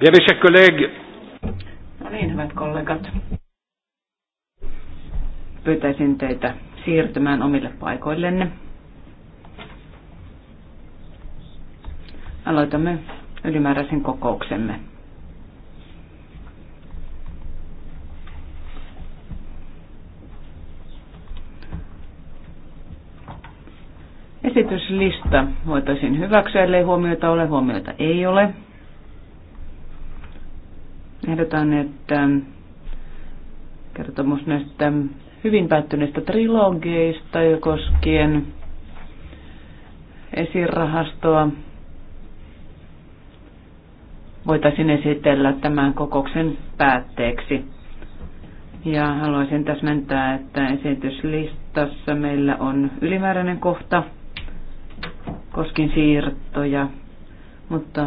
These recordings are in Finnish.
Ja vi ser kolleg. No niin, hyvät kollegat. Pyytäisin teitä siirtymään omille paikoillenne. Aloitamme ylimääräisen kokouksemme. Esityslista voitaisiin hyväksyä, ellei huomioita ole. Huomioita ei ole. Ehdotan, että kertomus näistä hyvin päättyneistä trilogeista jo koskien esirahastoa voitaisiin esitellä tämän kokouksen päätteeksi. Ja haluaisin täsmentää, että esityslistassa meillä on ylimääräinen kohta koskien siirtoja, mutta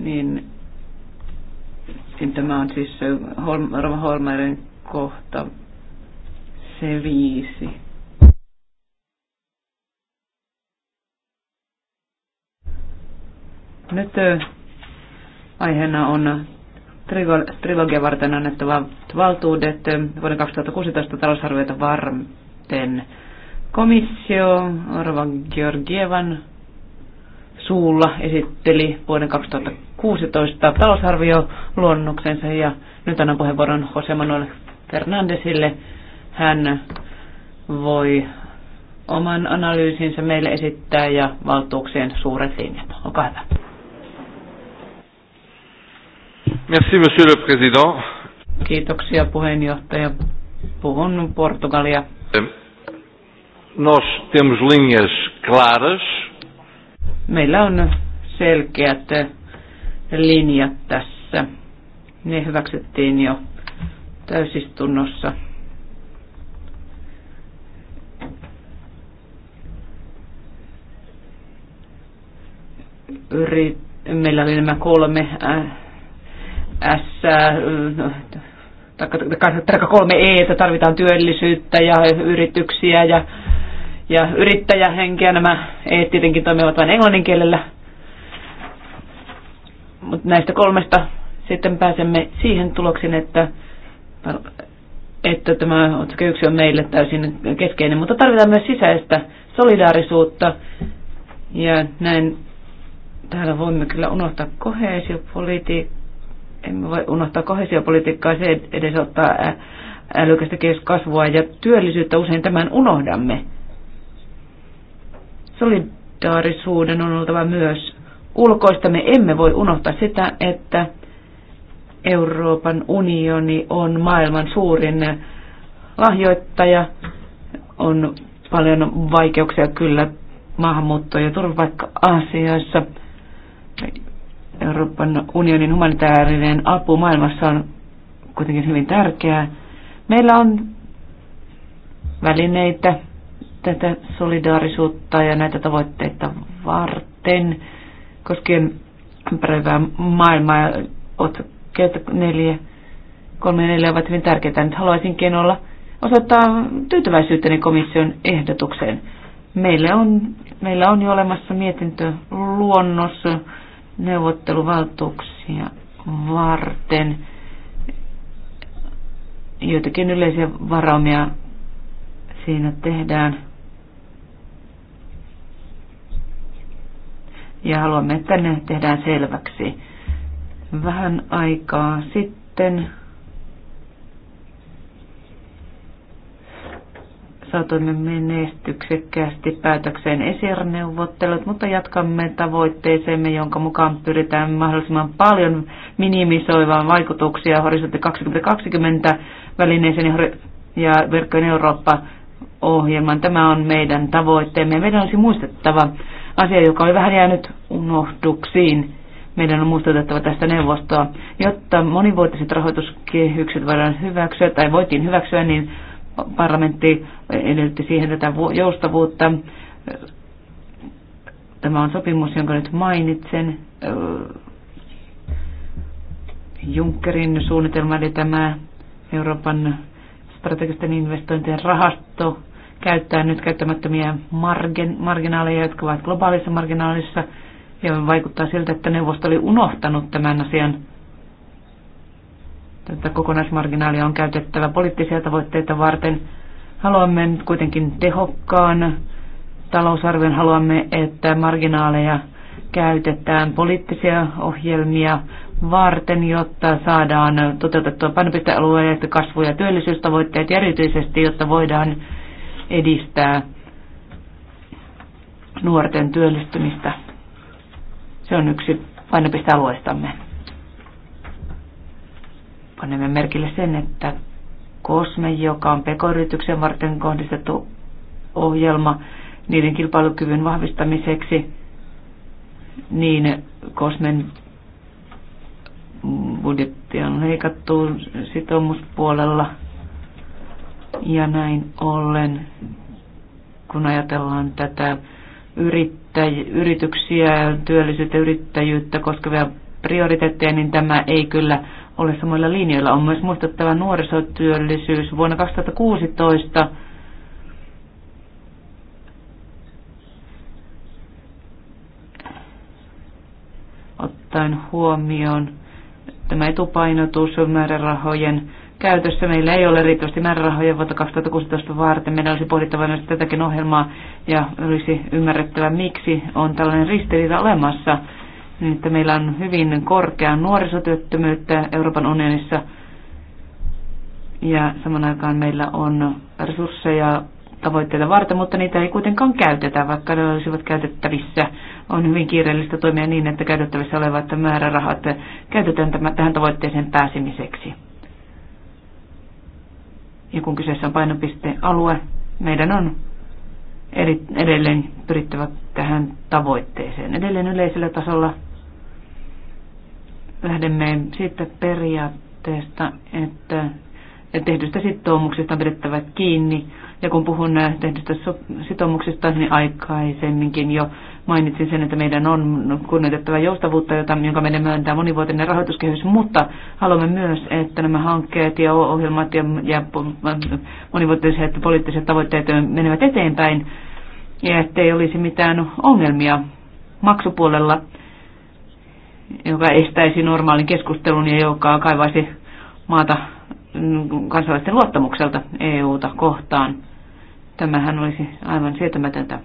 niin niin tämä on siis Rova Holmeren kohta se viisi. Nyt aiheena on trilogia varten annettavat valtuudet vuoden 2016 talousarvioita varten. Komissio Orvan Georgievan suulla esitteli vuoden 2016 talousarvioluonnoksensa ja nyt annan puheenvuoron Jose Manuel Fernandesille. Hän voi oman analyysinsä meille esittää ja valtuuksien suuret linjat. Olkaa hyvä. Merci, monsieur le président. Kiitoksia puheenjohtaja. Puhun Portugalia. Nós temos linhas claras meillä on selkeät linjat tässä. Ne hyväksyttiin jo täysistunnossa. Yri, meillä oli nämä kolme äh, S, äh, no, taikka kolme E, että tarvitaan työllisyyttä ja yrityksiä ja ja yrittäjähenkiä. Nämä eet tietenkin toimivat vain englannin kielellä. Mutta näistä kolmesta sitten pääsemme siihen tulokseen, että, että tämä otsake yksi on meille täysin keskeinen, mutta tarvitaan myös sisäistä solidaarisuutta. Ja näin täällä voimme kyllä unohtaa kohesiopolitiikkaa. Emme voi unohtaa kohesiopolitiikkaa, se edesauttaa älykästä kasvua ja työllisyyttä. Usein tämän unohdamme. Solidaarisuuden on oltava myös ulkoista. Me emme voi unohtaa sitä, että Euroopan unioni on maailman suurin lahjoittaja. On paljon vaikeuksia kyllä maahanmuutto- ja turvapaikka-asioissa. Euroopan unionin humanitaarinen apu maailmassa on kuitenkin hyvin tärkeää. Meillä on välineitä tätä solidaarisuutta ja näitä tavoitteita varten koskien ympäröivää maailmaa otsakkeet neljä, kolme ja neljä ovat hyvin tärkeitä. Nyt haluaisinkin olla osoittaa tyytyväisyyteni komission ehdotukseen. Meillä on, meillä on jo olemassa mietintö luonnos neuvotteluvaltuuksia varten. Joitakin yleisiä varaumia siinä tehdään ja haluamme, että ne tehdään selväksi. Vähän aikaa sitten saatoimme menestyksekkäästi päätökseen esirneuvottelut, mutta jatkamme tavoitteeseemme, jonka mukaan pyritään mahdollisimman paljon minimisoivaan vaikutuksia horisontti 2020 välineeseen ja verkkojen Eurooppa-ohjelman. Tämä on meidän tavoitteemme. Meidän olisi muistettava, asia, joka oli vähän jäänyt unohduksiin. Meidän on muistutettava tästä neuvostoa. Jotta monivuotiset rahoituskehykset voidaan hyväksyä tai voitiin hyväksyä, niin parlamentti edellytti siihen tätä joustavuutta. Tämä on sopimus, jonka nyt mainitsen. Junckerin suunnitelma, eli tämä Euroopan strategisten investointien rahasto, käyttää nyt käyttämättömiä margen, marginaaleja, jotka ovat globaalissa marginaalissa, ja vaikuttaa siltä, että neuvosto oli unohtanut tämän asian. Tätä kokonaismarginaalia on käytettävä poliittisia tavoitteita varten. Haluamme nyt kuitenkin tehokkaan talousarvion. Haluamme, että marginaaleja käytetään poliittisia ohjelmia varten, jotta saadaan toteutettua painopistealueet, kasvu- ja työllisyystavoitteet ja erityisesti, jotta voidaan edistää nuorten työllistymistä. Se on yksi painopistealueistamme. Panemme merkille sen, että Kosme, joka on pekoyrityksen varten kohdistettu ohjelma niiden kilpailukyvyn vahvistamiseksi, niin Kosmen budjetti on leikattu sitoumuspuolella – ja näin ollen, kun ajatellaan tätä yrittäj- yrityksiä, työllisyyttä, yrittäjyyttä koskevia prioriteetteja, niin tämä ei kyllä ole samoilla linjoilla. On myös muistettava nuorisotyöllisyys vuonna 2016 ottaen huomioon tämä etupainotus määrärahojen käytössä. Meillä ei ole riittävästi määrärahoja vuotta 2016 varten. Meidän olisi pohdittava myös tätäkin ohjelmaa ja olisi ymmärrettävä, miksi on tällainen ristiriita olemassa. Niin, että meillä on hyvin korkea nuorisotyöttömyyttä Euroopan unionissa ja saman aikaan meillä on resursseja tavoitteita varten, mutta niitä ei kuitenkaan käytetä, vaikka ne olisivat käytettävissä. On hyvin kiireellistä toimia niin, että käytettävissä olevat määrärahat käytetään tämän, tähän tavoitteeseen pääsemiseksi. Ja kun kyseessä on painopistealue, meidän on edelleen pyrittävä tähän tavoitteeseen. Edelleen yleisellä tasolla lähdemme siitä periaatteesta, että tehdystä sitoumuksista on pidettävä kiinni. Ja kun puhun äh, tehdystä sitoumuksista, niin aikaisemminkin jo mainitsin sen, että meidän on kunnioitettava joustavuutta, jota, jonka meidän myöntää monivuotinen rahoituskehys, mutta haluamme myös, että nämä hankkeet ja ohjelmat ja, ja monivuotiset poliittiset tavoitteet menevät eteenpäin ja ettei olisi mitään ongelmia maksupuolella, joka estäisi normaalin keskustelun ja joka kaivaisi maata mm, kansalaisten luottamukselta EUta kohtaan. Tämähän olisi aivan sietämätöntä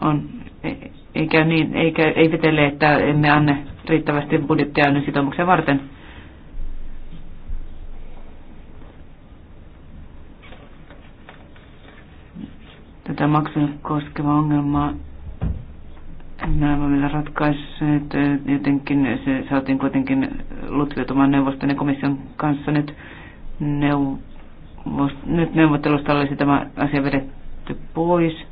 on, e, ei käy niin, ei, ei vetele, että emme anna riittävästi budjettia nyt sitoumuksen varten. Tätä maksun koskeva ongelma nämä vielä ratkaisseet. Jotenkin se saatiin kuitenkin lutviutumaan neuvoston ja komission kanssa nyt, neuvost, nyt neuvottelusta olisi tämä asia vedetty pois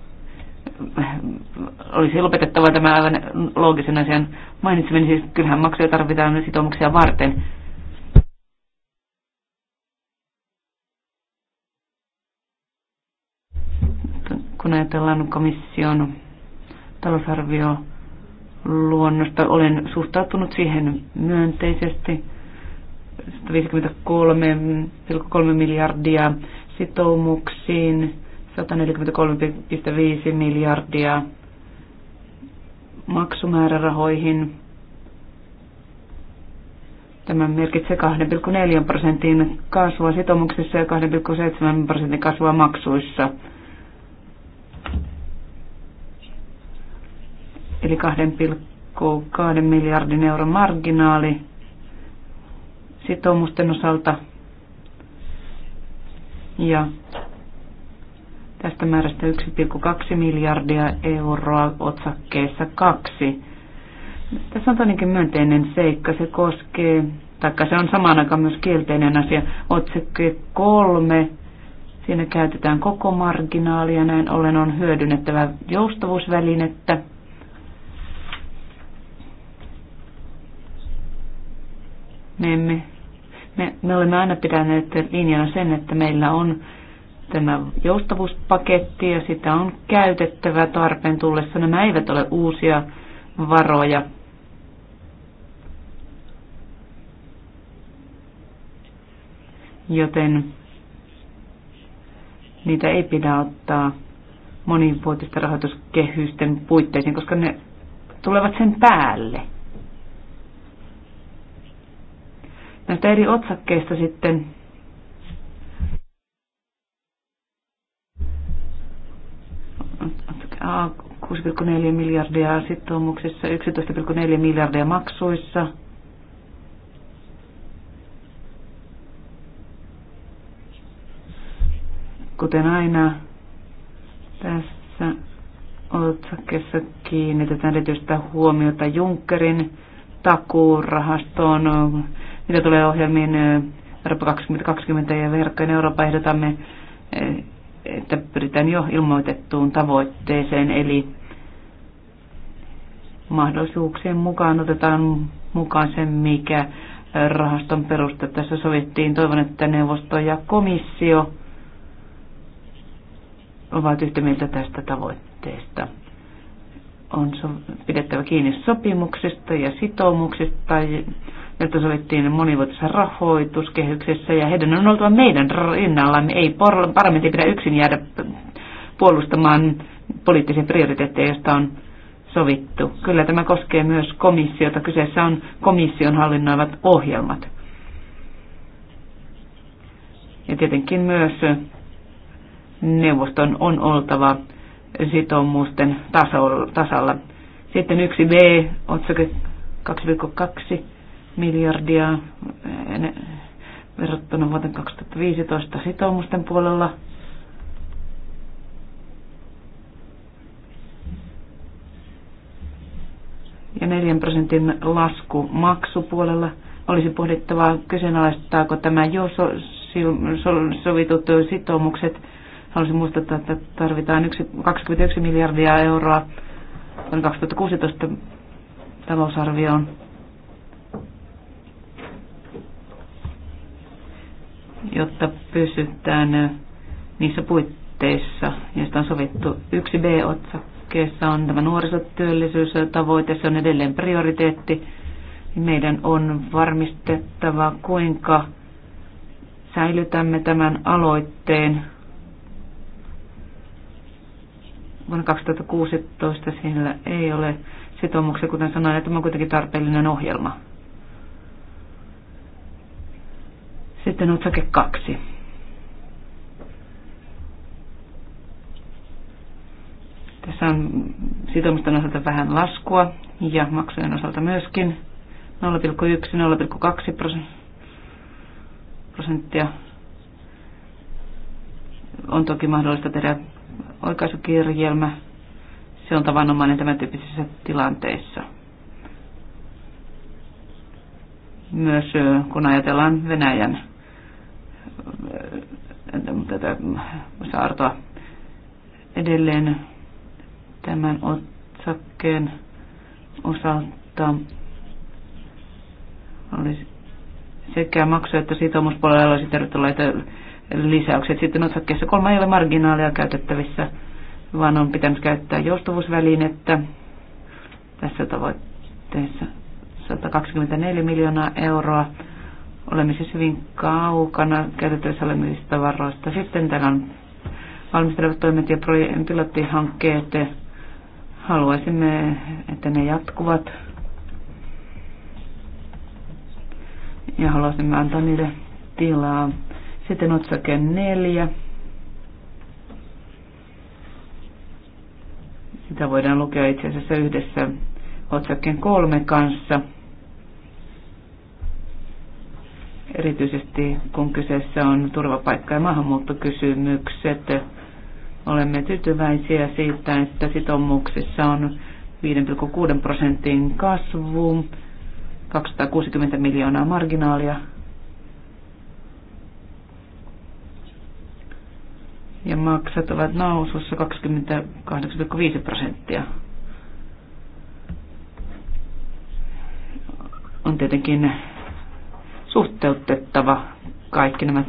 olisi lopetettava tämä aivan loogisen asian mainitseminen, siis kyllähän maksuja tarvitaan sitoumuksia varten. Kun ajatellaan komission talousarvio luonnosta, olen suhtautunut siihen myönteisesti. 153,3 miljardia sitoumuksiin 143,5 miljardia maksumäärärahoihin. Tämä merkitsee 2,4 prosentin kasvua sitoumuksissa ja 2,7 prosentin kasvua maksuissa. Eli 2,2 miljardin euron marginaali sitoumusten osalta ja tästä määrästä 1,2 miljardia euroa otsakkeessa 2. Tässä on toinenkin myönteinen seikka. Se koskee, taikka se on samaan aikaan myös kielteinen asia, otsakke 3. Siinä käytetään koko marginaalia, näin ollen on hyödynnettävä joustavuusvälinettä. Me, emme, me, me olemme aina pitäneet linjana sen, että meillä on tämä joustavuuspaketti ja sitä on käytettävä tarpeen tullessa. Nämä eivät ole uusia varoja. Joten niitä ei pidä ottaa monivuotisten rahoituskehysten puitteisiin, koska ne tulevat sen päälle. Näistä eri otsakkeista sitten 6,4 miljardia sitoumuksissa, 11,4 miljardia maksuissa. Kuten aina tässä otsakkeessa kiinnitetään erityistä huomiota Junckerin takuurahastoon, mitä tulee ohjelmiin eh, Euroopan 2020 ja verkkojen Euroopan ehdotamme eh, että pyritään jo ilmoitettuun tavoitteeseen, eli mahdollisuuksien mukaan otetaan mukaan se, mikä rahaston perusta tässä sovittiin. Toivon, että neuvosto ja komissio ovat yhtä mieltä tästä tavoitteesta. On pidettävä kiinni sopimuksista ja sitoumuksista jotta sovittiin monivuotisessa rahoituskehyksessä ja heidän on oltava meidän rinnallamme. Ei parlamentti pidä yksin jäädä puolustamaan poliittisia prioriteetteja, joista on sovittu. Kyllä tämä koskee myös komissiota. Kyseessä on komission hallinnoivat ohjelmat. Ja tietenkin myös neuvoston on oltava sitoumusten tasalla. Sitten yksi B, otsake 2,2 miljardia eh, verrattuna vuoteen 2015 sitoumusten puolella. Ja 4 prosentin lasku maksupuolella olisi pohdittava, kyseenalaistaako tämä jo so, so, sovitut sitoumukset. Haluaisin muistuttaa, että tarvitaan 21 miljardia euroa vuonna 2016 talousarvioon jotta pysytään äh, niissä puitteissa, joista on sovittu. Yksi B-otsakkeessa on tämä nuorisotyöllisyystavoite, se on edelleen prioriteetti. Meidän on varmistettava, kuinka säilytämme tämän aloitteen. Vuonna 2016 sillä ei ole sitoumuksia, kuten sanoin, että tämä on kuitenkin tarpeellinen ohjelma. Sitten otsake kaksi. Tässä on sitomusten osalta vähän laskua ja maksujen osalta myöskin 0,1-0,2 prosenttia. On toki mahdollista tehdä oikaisukirjelmä. Se on tavanomainen tämän tyyppisissä tilanteissa. Myös kun ajatellaan Venäjän tätä saarta edelleen tämän otsakkeen osalta oli sekä maksu- että sitoumuspuolella olisi tervetulleita lisäykset. Sitten otsakkeessa kolme ei ole marginaalia käytettävissä, vaan on pitänyt käyttää joustavuusvälinettä tässä tavoitteessa 124 miljoonaa euroa Olemme siis hyvin kaukana käytettävissä olemisista varoista. Sitten täällä on valmistelevat toimet ja pilottihankkeet. Haluaisimme, että ne jatkuvat. Ja haluaisimme antaa niille tilaa. Sitten otsake neljä. Sitä voidaan lukea itse asiassa yhdessä otsakkeen kolme kanssa – erityisesti kun kyseessä on turvapaikka- ja maahanmuuttokysymykset. Olemme tyytyväisiä siitä, että sitoumuksissa on 5,6 prosentin kasvu, 260 miljoonaa marginaalia. Ja maksat ovat nousussa 28,5 prosenttia. On tietenkin suhteutettava kaikki nämä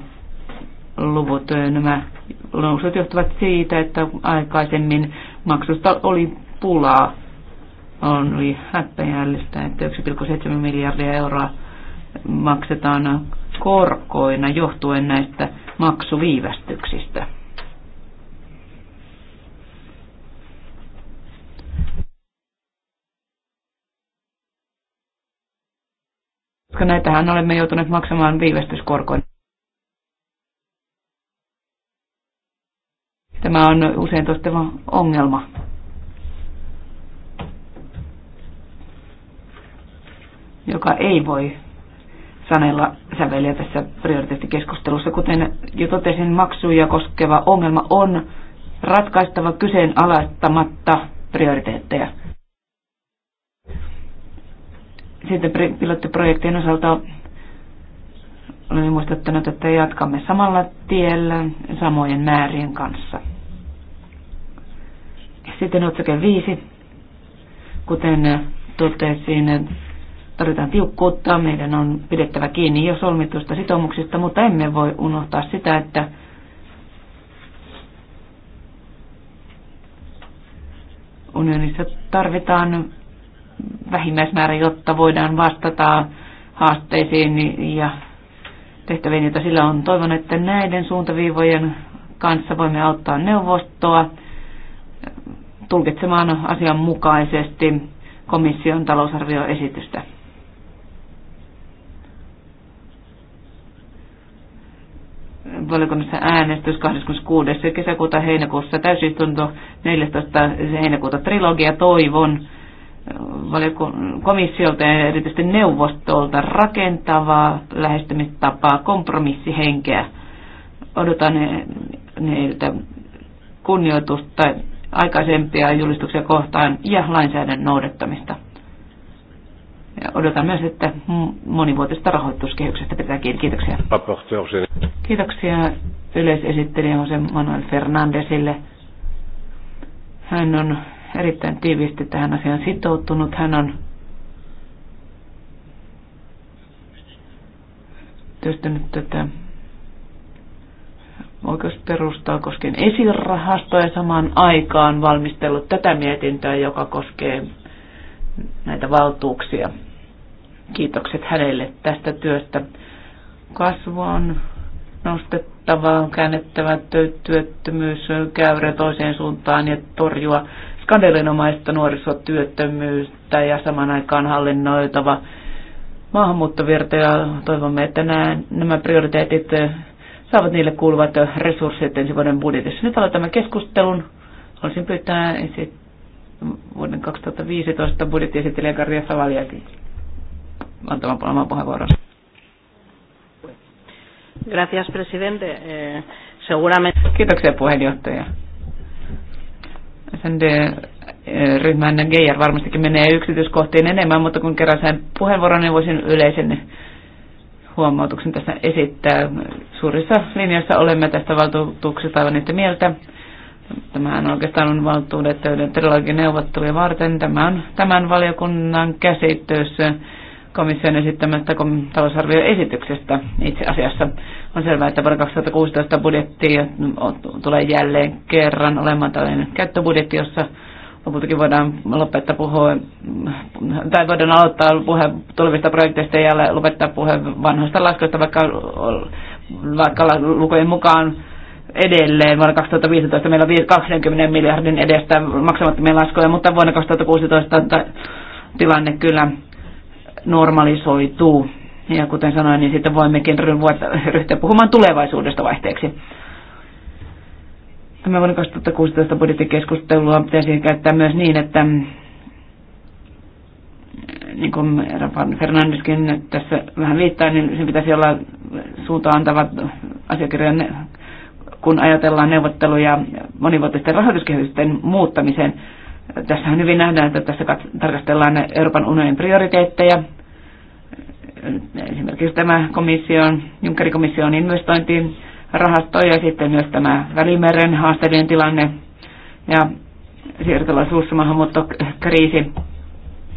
luvut. Nämä nousut johtuvat siitä, että aikaisemmin maksusta oli pulaa. Oli häpeällistä, että 1,7 miljardia euroa maksetaan korkoina johtuen näistä maksuviivästyksistä. koska näitähän olemme joutuneet maksamaan viivästyskorkoin. Tämä on usein toistava ongelma. joka ei voi sanella säveliä tässä prioriteettikeskustelussa. Kuten jo totesin, maksuja koskeva ongelma on ratkaistava kyseenalaistamatta prioriteetteja. Sitten pilottiprojektien osalta olen muistuttanut, että jatkamme samalla tiellä samojen määrien kanssa. Sitten otsake 5. Kuten totesin, tarvitaan tiukkuutta, meidän on pidettävä kiinni jo solmituista sitoumuksista, mutta emme voi unohtaa sitä, että unionissa tarvitaan vähimmäismäärä, jotta voidaan vastata haasteisiin ja tehtäviin, joita sillä on. Toivon, että näiden suuntaviivojen kanssa voimme auttaa neuvostoa tulkitsemaan asianmukaisesti komission talousarvioesitystä. valiokunnassa äänestys 26. kesäkuuta heinäkuussa täysistunto 14. heinäkuuta trilogia toivon, komissiolta ja erityisesti neuvostolta rakentavaa lähestymistapaa, kompromissihenkeä. Odotan heiltä kunnioitusta aikaisempia julistuksia kohtaan ja lainsäädännön noudattamista. Ja odotan myös, että monivuotisesta rahoituskehyksestä pitää kiinni. Kiitoksia. Kiitoksia yleisesittelijä Jose Manuel Fernandesille. Hän on erittäin tiiviisti tähän asiaan sitoutunut. Hän on työstänyt tätä oikeusperustaa koskien esirahastoa ja samaan aikaan valmistellut tätä mietintöä, joka koskee näitä valtuuksia. Kiitokset hänelle tästä työstä. Kasvu on nostettava, on käännettävä työttömyyskäyrä toiseen suuntaan ja torjua skandalinomaista nuorisotyöttömyyttä ja saman aikaan hallinnoitava maahanmuuttovirta ja toivomme, että nämä, nämä prioriteetit äh, saavat niille kuuluvat resurssit ensi vuoden budjetissa. Nyt aloitamme keskustelun. Olisin pyytää esi- vuoden 2015 budjettiesittelijä Karja Savaliakin antamaan palaamaan puheenvuoron. Gracias, presidente. Eh, seguramente... Kiitoksia puheenjohtaja. SND-ryhmän eh, Geijer varmastikin menee yksityiskohtiin enemmän, mutta kun kerran sain puheenvuoron, niin voisin yleisen huomautuksen tässä esittää. Suurissa linjassa olemme tästä valtuutuksesta aivan niitä mieltä. Tämähän oikeastaan on valtuudet todellakin neuvotteluja varten. Tämä on tämän valiokunnan käsittelyssä komission esittämästä talousarvioesityksestä itse asiassa. On selvää, että vuonna 2016 budjetti tulee jälleen kerran olemaan tällainen käyttöbudjetti, jossa lopultakin voidaan lopettaa puhua, tai voidaan aloittaa puhe tulevista projekteista ja lopettaa puhe vanhoista laskuista, vaikka, vaikka lukujen mukaan edelleen. Vuonna 2015 meillä on 20 miljardin edestä maksamattomia laskuja, mutta vuonna 2016 tilanne kyllä normalisoituu. Ja kuten sanoin, niin sitten voimmekin ryhtyä puhumaan tulevaisuudesta vaihteeksi. Tämä vuoden 2016 budjettikeskustelua pitäisi käyttää myös niin, että niin kuin Rafael Fernandeskin tässä vähän viittaa, niin sen pitäisi olla suuntaan antavat asiakirjan, kun ajatellaan neuvotteluja monivuotisten rahoituskehysten muuttamiseen. Tässähän hyvin nähdään, että tässä tarkastellaan Euroopan unionin prioriteetteja, esimerkiksi tämä komission, Junckerin komission investointirahasto ja sitten myös tämä Välimeren haasteellinen tilanne ja siirtolaisuus,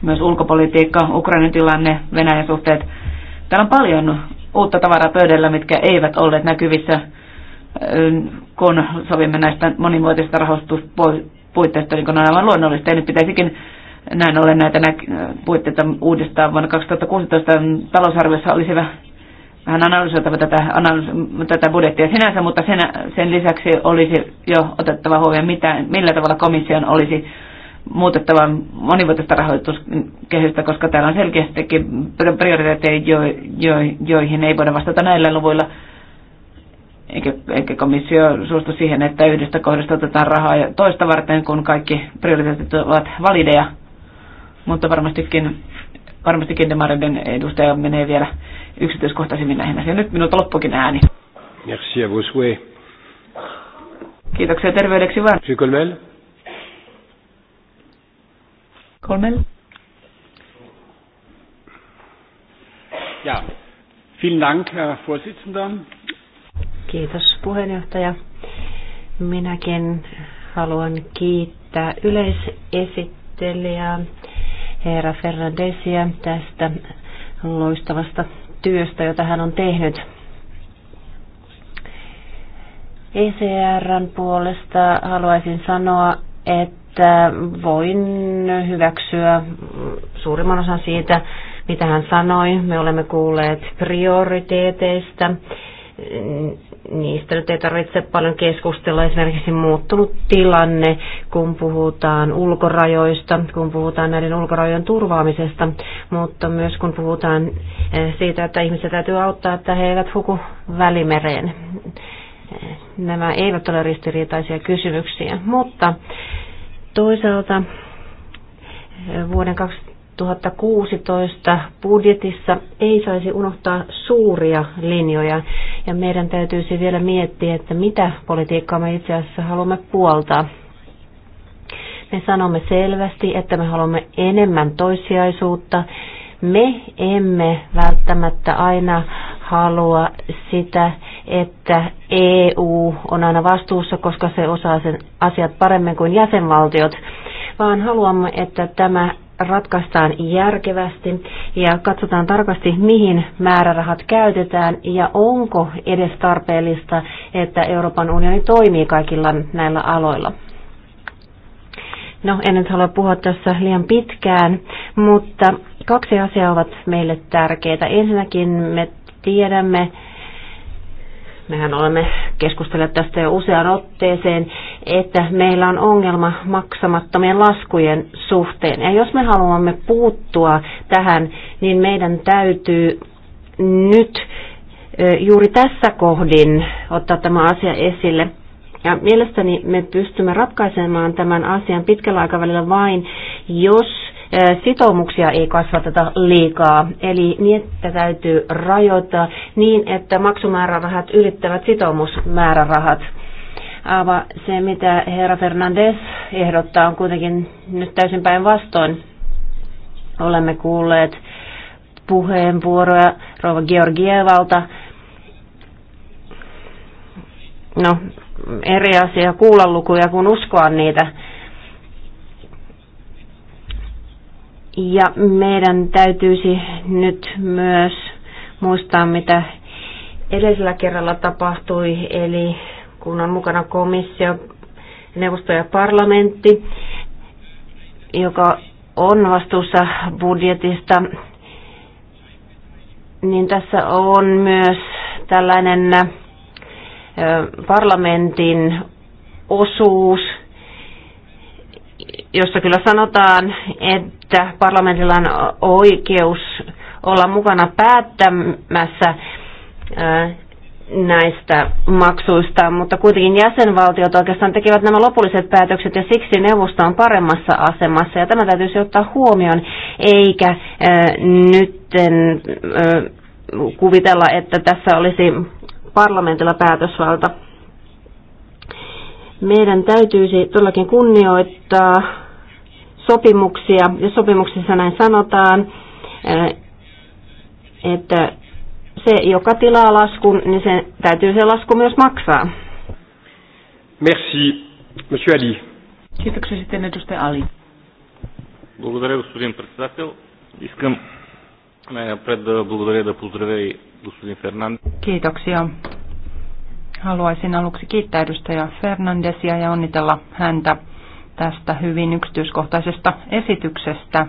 myös ulkopolitiikka, Ukrainan tilanne, Venäjän suhteet. Täällä on paljon uutta tavaraa pöydällä, mitkä eivät olleet näkyvissä, kun sovimme näistä monimuotoisista rahoituspuitteista, niin kuin on aivan luonnollista. Ja nyt pitäisikin näin ollen näitä puitteita uudestaan vuonna 2016 talousarviossa olisi vähän vähän analysoitava tätä, analys, tätä budjettia sinänsä, mutta sen, sen lisäksi olisi jo otettava huomioon, mitä, millä tavalla komission olisi muutettava monivuotista rahoituskehystä, koska täällä on selkeästikin prioriteetteja, jo, jo, joihin ei voida vastata näillä luvuilla. Eikä, eikä komissio suostu siihen, että yhdestä kohdasta otetaan rahaa ja toista varten, kun kaikki prioriteetit ovat valideja mutta varmastikin, varmastikin demareiden edustaja menee vielä yksityiskohtaisemmin näihin asioihin. Nyt minulta loppukin ääni. Merci à vous. Kiitoksia terveydeksi vaan. Monsieur Colmel. Colmel. Ja, vielen Dank, Herr Vorsitzender. Kiitos puheenjohtaja. Minäkin haluan kiittää yleisesittelijää herra Fernandesia tästä loistavasta työstä, jota hän on tehnyt. ECRn puolesta haluaisin sanoa, että voin hyväksyä suurimman osan siitä, mitä hän sanoi. Me olemme kuulleet prioriteeteista niistä nyt ei tarvitse paljon keskustella. Esimerkiksi muuttunut tilanne, kun puhutaan ulkorajoista, kun puhutaan näiden ulkorajojen turvaamisesta, mutta myös kun puhutaan eh, siitä, että ihmisiä täytyy auttaa, että he eivät huku välimereen. Eh, nämä eivät ole ristiriitaisia kysymyksiä, mutta toisaalta eh, vuoden 2000 2016 budjetissa ei saisi unohtaa suuria linjoja ja meidän täytyisi vielä miettiä, että mitä politiikkaa me itse asiassa haluamme puoltaa. Me sanomme selvästi, että me haluamme enemmän toissijaisuutta. Me emme välttämättä aina halua sitä, että EU on aina vastuussa, koska se osaa sen asiat paremmin kuin jäsenvaltiot, vaan haluamme, että tämä ratkaistaan järkevästi ja katsotaan tarkasti, mihin määrärahat käytetään ja onko edes tarpeellista, että Euroopan unioni toimii kaikilla näillä aloilla. No, en nyt halua puhua tässä liian pitkään, mutta kaksi asiaa ovat meille tärkeitä. Ensinnäkin me tiedämme, mehän olemme keskustelleet tästä jo useaan otteeseen, että meillä on ongelma maksamattomien laskujen suhteen. Ja jos me haluamme puuttua tähän, niin meidän täytyy nyt juuri tässä kohdin ottaa tämä asia esille. Ja mielestäni me pystymme ratkaisemaan tämän asian pitkällä aikavälillä vain, jos sitoumuksia ei kasvateta liikaa. Eli niitä täytyy rajoittaa niin, että maksumäärärahat ylittävät sitoumusmäärärahat. Ava, se, mitä herra Fernandez ehdottaa, on kuitenkin nyt täysin päinvastoin. Olemme kuulleet puheenvuoroja rouva Georgievalta. No, eri asia kuulla lukuja kuin uskoa niitä. Ja meidän täytyisi nyt myös muistaa, mitä edellisellä kerralla tapahtui, eli kun on mukana komissio, neuvosto ja parlamentti, joka on vastuussa budjetista, niin tässä on myös tällainen parlamentin osuus – jossa kyllä sanotaan, että parlamentilla on oikeus olla mukana päättämässä näistä maksuista, mutta kuitenkin jäsenvaltiot oikeastaan tekevät nämä lopulliset päätökset ja siksi neuvosto on paremmassa asemassa ja tämä täytyisi ottaa huomioon, eikä äh, nyt äh, kuvitella, että tässä olisi parlamentilla päätösvalta. Meidän täytyisi todellakin kunnioittaa sopimuksia, ja sopimuksissa näin sanotaan, eh, että se, joka tilaa laskun, niin sen täytyy se lasku myös maksaa. Merci, Monsieur Ali. Kiitoksia sitten edustaja Ali. Благодаря, господин председател. Искам най-напред да благодаря да поздравя и господин Фернандес. Kiitoksia Haluaisin aluksi kiittää edustaja Fernandesia ja onnitella häntä tästä hyvin yksityiskohtaisesta esityksestä.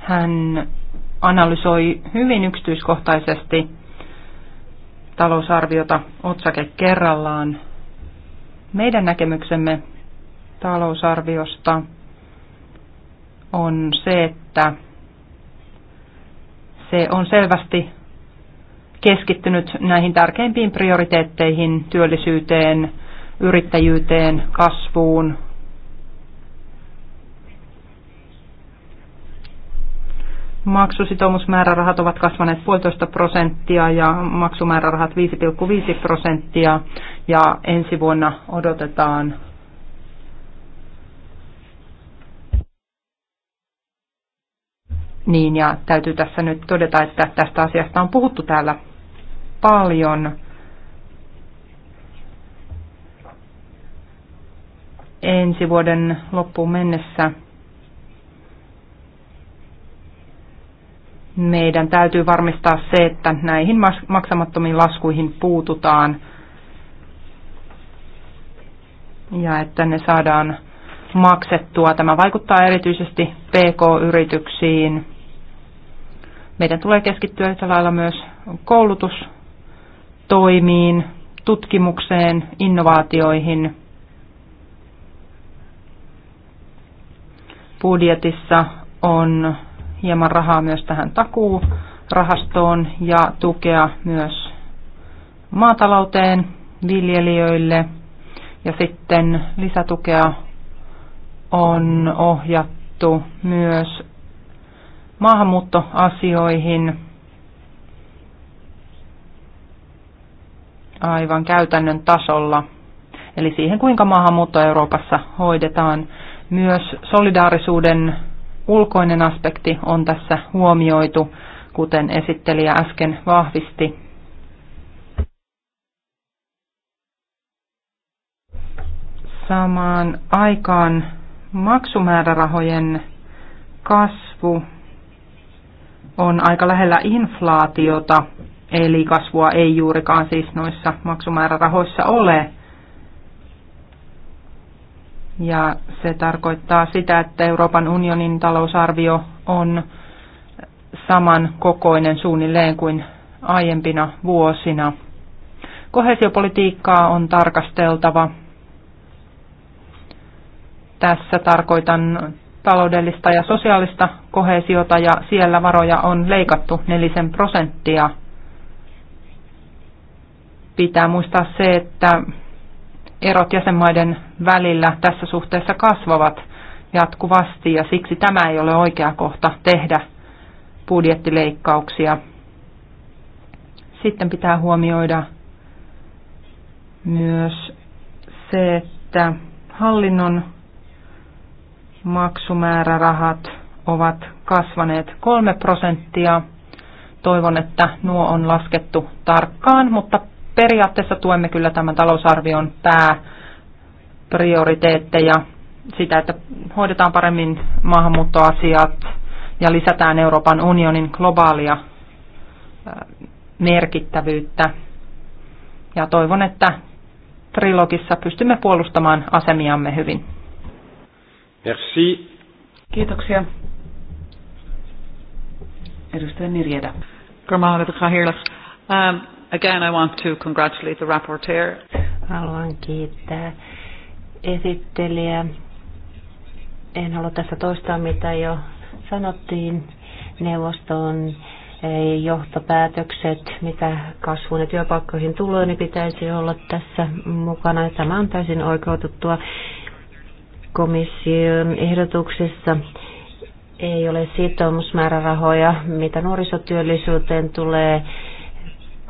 Hän analysoi hyvin yksityiskohtaisesti talousarviota otsake kerrallaan. Meidän näkemyksemme talousarviosta on se, että se on selvästi keskittynyt näihin tärkeimpiin prioriteetteihin, työllisyyteen, yrittäjyyteen, kasvuun. Maksusitoumusmäärärahat ovat kasvaneet 1,5 prosenttia ja maksumäärärahat 5,5 prosenttia ja ensi vuonna odotetaan Niin ja täytyy tässä nyt todeta, että tästä asiasta on puhuttu täällä paljon. ensi vuoden loppuun mennessä meidän täytyy varmistaa se, että näihin maksamattomiin laskuihin puututaan ja että ne saadaan maksettua. Tämä vaikuttaa erityisesti PK-yrityksiin. Meidän tulee keskittyä yhtä lailla myös koulutus- toimiin, tutkimukseen, innovaatioihin. Budjetissa on hieman rahaa myös tähän takuurahastoon ja tukea myös maatalouteen, viljelijöille ja sitten lisätukea on ohjattu myös maahanmuuttoasioihin aivan käytännön tasolla, eli siihen kuinka maahanmuutto Euroopassa hoidetaan. Myös solidaarisuuden ulkoinen aspekti on tässä huomioitu, kuten esittelijä äsken vahvisti. Samaan aikaan maksumäärärahojen kasvu on aika lähellä inflaatiota Eli kasvua ei juurikaan siis noissa maksumäärärahoissa ole. Ja se tarkoittaa sitä, että Euroopan unionin talousarvio on saman kokoinen suunnilleen kuin aiempina vuosina. Kohesiopolitiikkaa on tarkasteltava. Tässä tarkoitan taloudellista ja sosiaalista kohesiota ja siellä varoja on leikattu nelisen prosenttia pitää muistaa se, että erot jäsenmaiden välillä tässä suhteessa kasvavat jatkuvasti ja siksi tämä ei ole oikea kohta tehdä budjettileikkauksia. Sitten pitää huomioida myös se, että hallinnon maksumäärärahat ovat kasvaneet 3 prosenttia. Toivon, että nuo on laskettu tarkkaan, mutta periaatteessa tuemme kyllä tämän talousarvion pääprioriteetteja, sitä, että hoidetaan paremmin maahanmuuttoasiat ja lisätään Euroopan unionin globaalia merkittävyyttä. Ja toivon, että trilogissa pystymme puolustamaan asemiamme hyvin. Merci. Kiitoksia. Edustaja Nirjeda. Kormaa, Again, I want to congratulate the rapporteur. Haluan kiittää esittelijä. En halua tässä toistaa, mitä jo sanottiin. Neuvoston eh, johtopäätökset, mitä kasvuun ja työpaikkoihin tulee, niin pitäisi olla tässä mukana. Tämä on täysin oikeutettua komission ehdotuksessa. Ei ole sitoumusmäärärahoja, mitä nuorisotyöllisyyteen tulee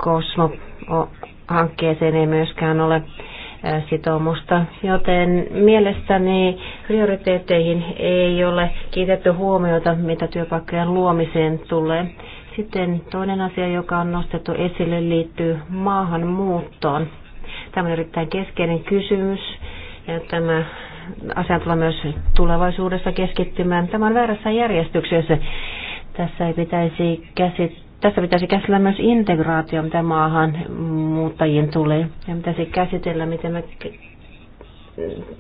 Kosmo-hankkeeseen ei myöskään ole sitoumusta, joten mielestäni prioriteetteihin ei ole kiitetty huomiota, mitä työpaikkojen luomiseen tulee. Sitten toinen asia, joka on nostettu esille, liittyy maahanmuuttoon. Tämä on erittäin keskeinen kysymys ja tämä asia tulee myös tulevaisuudessa keskittymään. Tämä on väärässä järjestyksessä. Tässä ei pitäisi käsittää tässä pitäisi käsitellä myös integraatio, mitä maahan muuttajiin tulee. Ja pitäisi käsitellä, miten me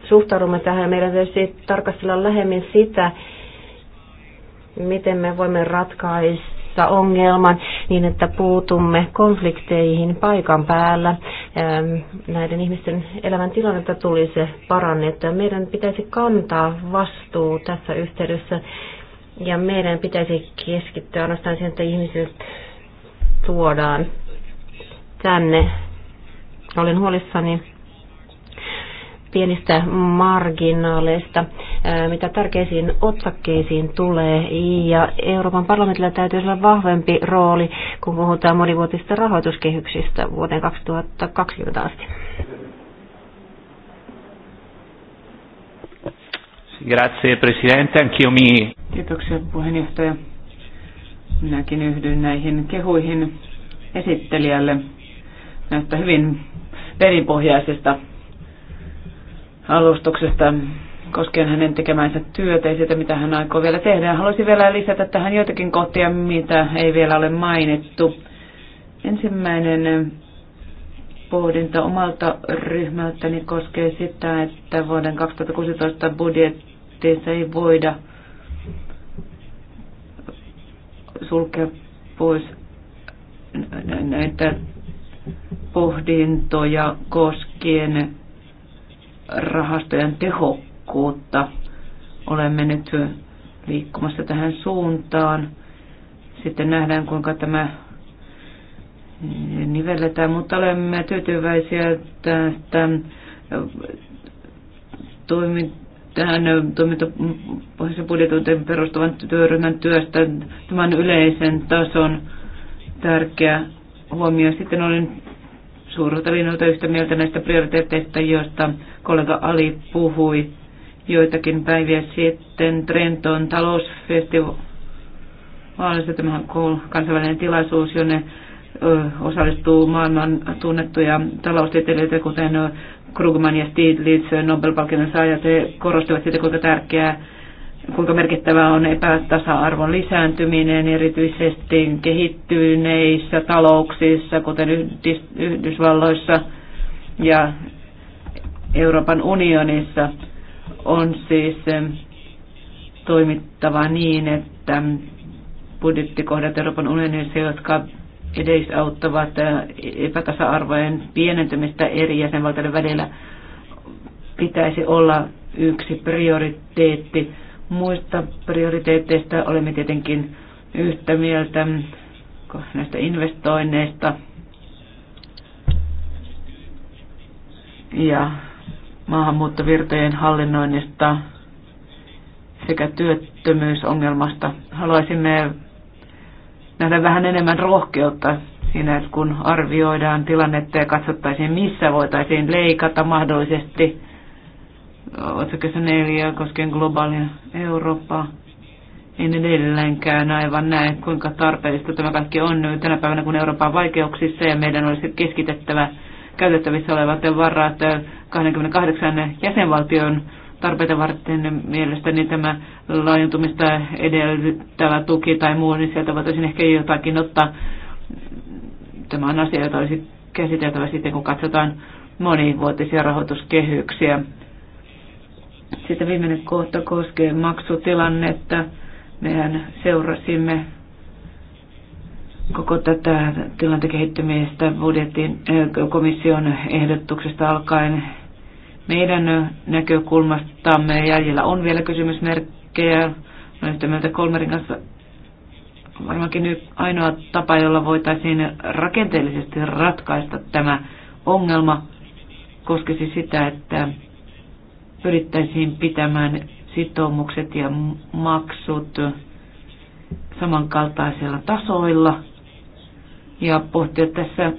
suhtaudumme tähän. Meidän täytyy tarkastella lähemmin sitä, miten me voimme ratkaista ongelman niin, että puutumme konflikteihin paikan päällä. Ähm, näiden ihmisten elämän tilannetta tulisi parannettua. Meidän pitäisi kantaa vastuu tässä yhteydessä ja meidän pitäisi keskittyä ainoastaan siihen, että ihmiset tuodaan tänne. Olen huolissani pienistä marginaaleista, mitä tärkeisiin otsakkeisiin tulee. Ja Euroopan parlamentilla täytyy olla vahvempi rooli, kun puhutaan monivuotisista rahoituskehyksistä vuoteen 2020 asti. Grazie Presidente, anch'io mi... Kiitoksia puheenjohtaja. Minäkin yhdyn näihin kehuihin esittelijälle näistä hyvin perinpohjaisesta alustuksesta koskien hänen tekemänsä työtä ja sitä, mitä hän aikoo vielä tehdä. Ja haluaisin vielä lisätä tähän joitakin kohtia, mitä ei vielä ole mainittu. Ensimmäinen pohdinta omalta ryhmältäni koskee sitä, että vuoden 2016 budjetti puitteissa ei voida sulkea pois näitä pohdintoja koskien rahastojen tehokkuutta. Olemme nyt liikkumassa tähän suuntaan. Sitten nähdään, kuinka tämä nivelletään, mutta olemme tyytyväisiä että toimintaa tähän toimintapohjaisen budjetointiin perustuvan työryhmän työstä tämän yleisen tason tärkeä huomio. Sitten olen suurta linjoilta yhtä mieltä näistä prioriteetteista, joista kollega Ali puhui joitakin päiviä sitten Trenton talousfestivaalissa, tämä kansainvälinen tilaisuus, jonne osallistuu maailman tunnettuja taloustieteilijöitä, kuten Krugman ja Stiglitz, eh, Nobel-palkinnon saajat, korostivat sitä, kuinka tärkeää kuinka merkittävää on epätasa-arvon lisääntyminen erityisesti kehittyneissä talouksissa, kuten Yhdysvalloissa ja Euroopan unionissa, on siis eh, toimittava niin, että budjettikohdat Euroopan unionissa, jotka edesauttavat äh, epätasa-arvojen pienentymistä eri jäsenvaltioiden välillä pitäisi olla yksi prioriteetti. Muista prioriteetteista olemme tietenkin yhtä mieltä näistä investoinneista ja maahanmuuttovirtojen hallinnoinnista sekä työttömyysongelmasta. Haluaisimme nähdä vähän enemmän rohkeutta siinä, kun arvioidaan tilannetta ja katsottaisiin, missä voitaisiin leikata mahdollisesti otsakkeessa neljä koskien globaalia Eurooppaa. En edelleenkään aivan näe, kuinka tarpeellista tämä kaikki on tänä päivänä, kun Eurooppa on vaikeuksissa ja meidän olisi keskitettävä käytettävissä olevat varat 28 jäsenvaltion tarpeita varten mielestäni tämä laajentumista edellyttävä tuki tai muu, niin sieltä voitaisiin ehkä jotakin ottaa. Tämä on asia, jota olisi käsiteltävä sitten, kun katsotaan monivuotisia rahoituskehyksiä. Sitten viimeinen kohta koskee maksutilannetta. Mehän seurasimme koko tätä tilanteen kehittymistä budjetin eh, komission ehdotuksesta alkaen meidän näkökulmastamme jäljellä on vielä kysymysmerkkejä. Olen yhtä mieltä Kolmerin kanssa varmaankin nyt ainoa tapa, jolla voitaisiin rakenteellisesti ratkaista tämä ongelma, koskisi sitä, että pyrittäisiin pitämään sitoumukset ja maksut samankaltaisilla tasoilla ja pohtia tässä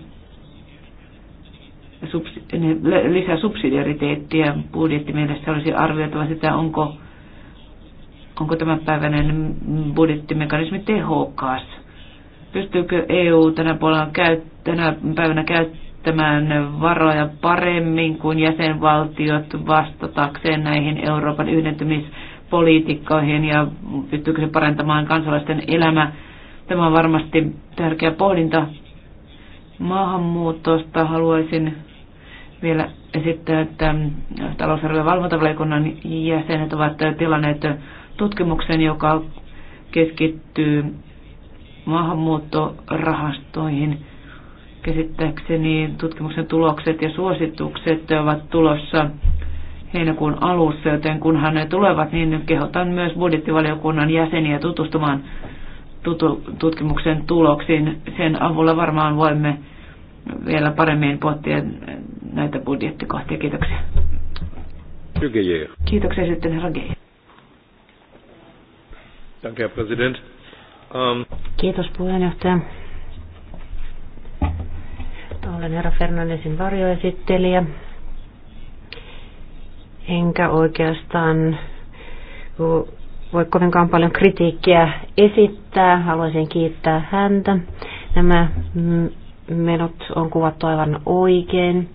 niin lisää subsidiariteettia budjettimielessä olisi arvioitava sitä, onko, onko tämänpäiväinen budjettimekanismi tehokas. Pystyykö EU tänä, käyt, tänä päivänä käyttämään varoja paremmin kuin jäsenvaltiot vastatakseen näihin Euroopan yhdentymispolitiikkoihin ja pystyykö se parantamaan kansalaisten elämää? Tämä on varmasti tärkeä pohdinta maahanmuutosta haluaisin vielä esittää, että mm, talousarvion valvontavaliokunnan jäsenet ovat tilanneet tutkimuksen, joka keskittyy maahanmuuttorahastoihin. Käsittääkseni tutkimuksen tulokset ja suositukset ovat tulossa heinäkuun alussa, joten kunhan ne tulevat, niin kehotan myös budjettivaliokunnan jäseniä tutustumaan tutu- tutkimuksen tuloksiin. Sen avulla varmaan voimme vielä paremmin pohtia näitä budjettikohtia. Kiitoksia. Kiitoksia sitten herra Geijer. Danke, Herr Präsident. Um... Kiitos puheenjohtaja. Olen herra Fernandesin varjoesittelijä. Enkä oikeastaan voi kovinkaan paljon kritiikkiä esittää. Haluaisin kiittää häntä. Nämä menot on kuvattu aivan oikein.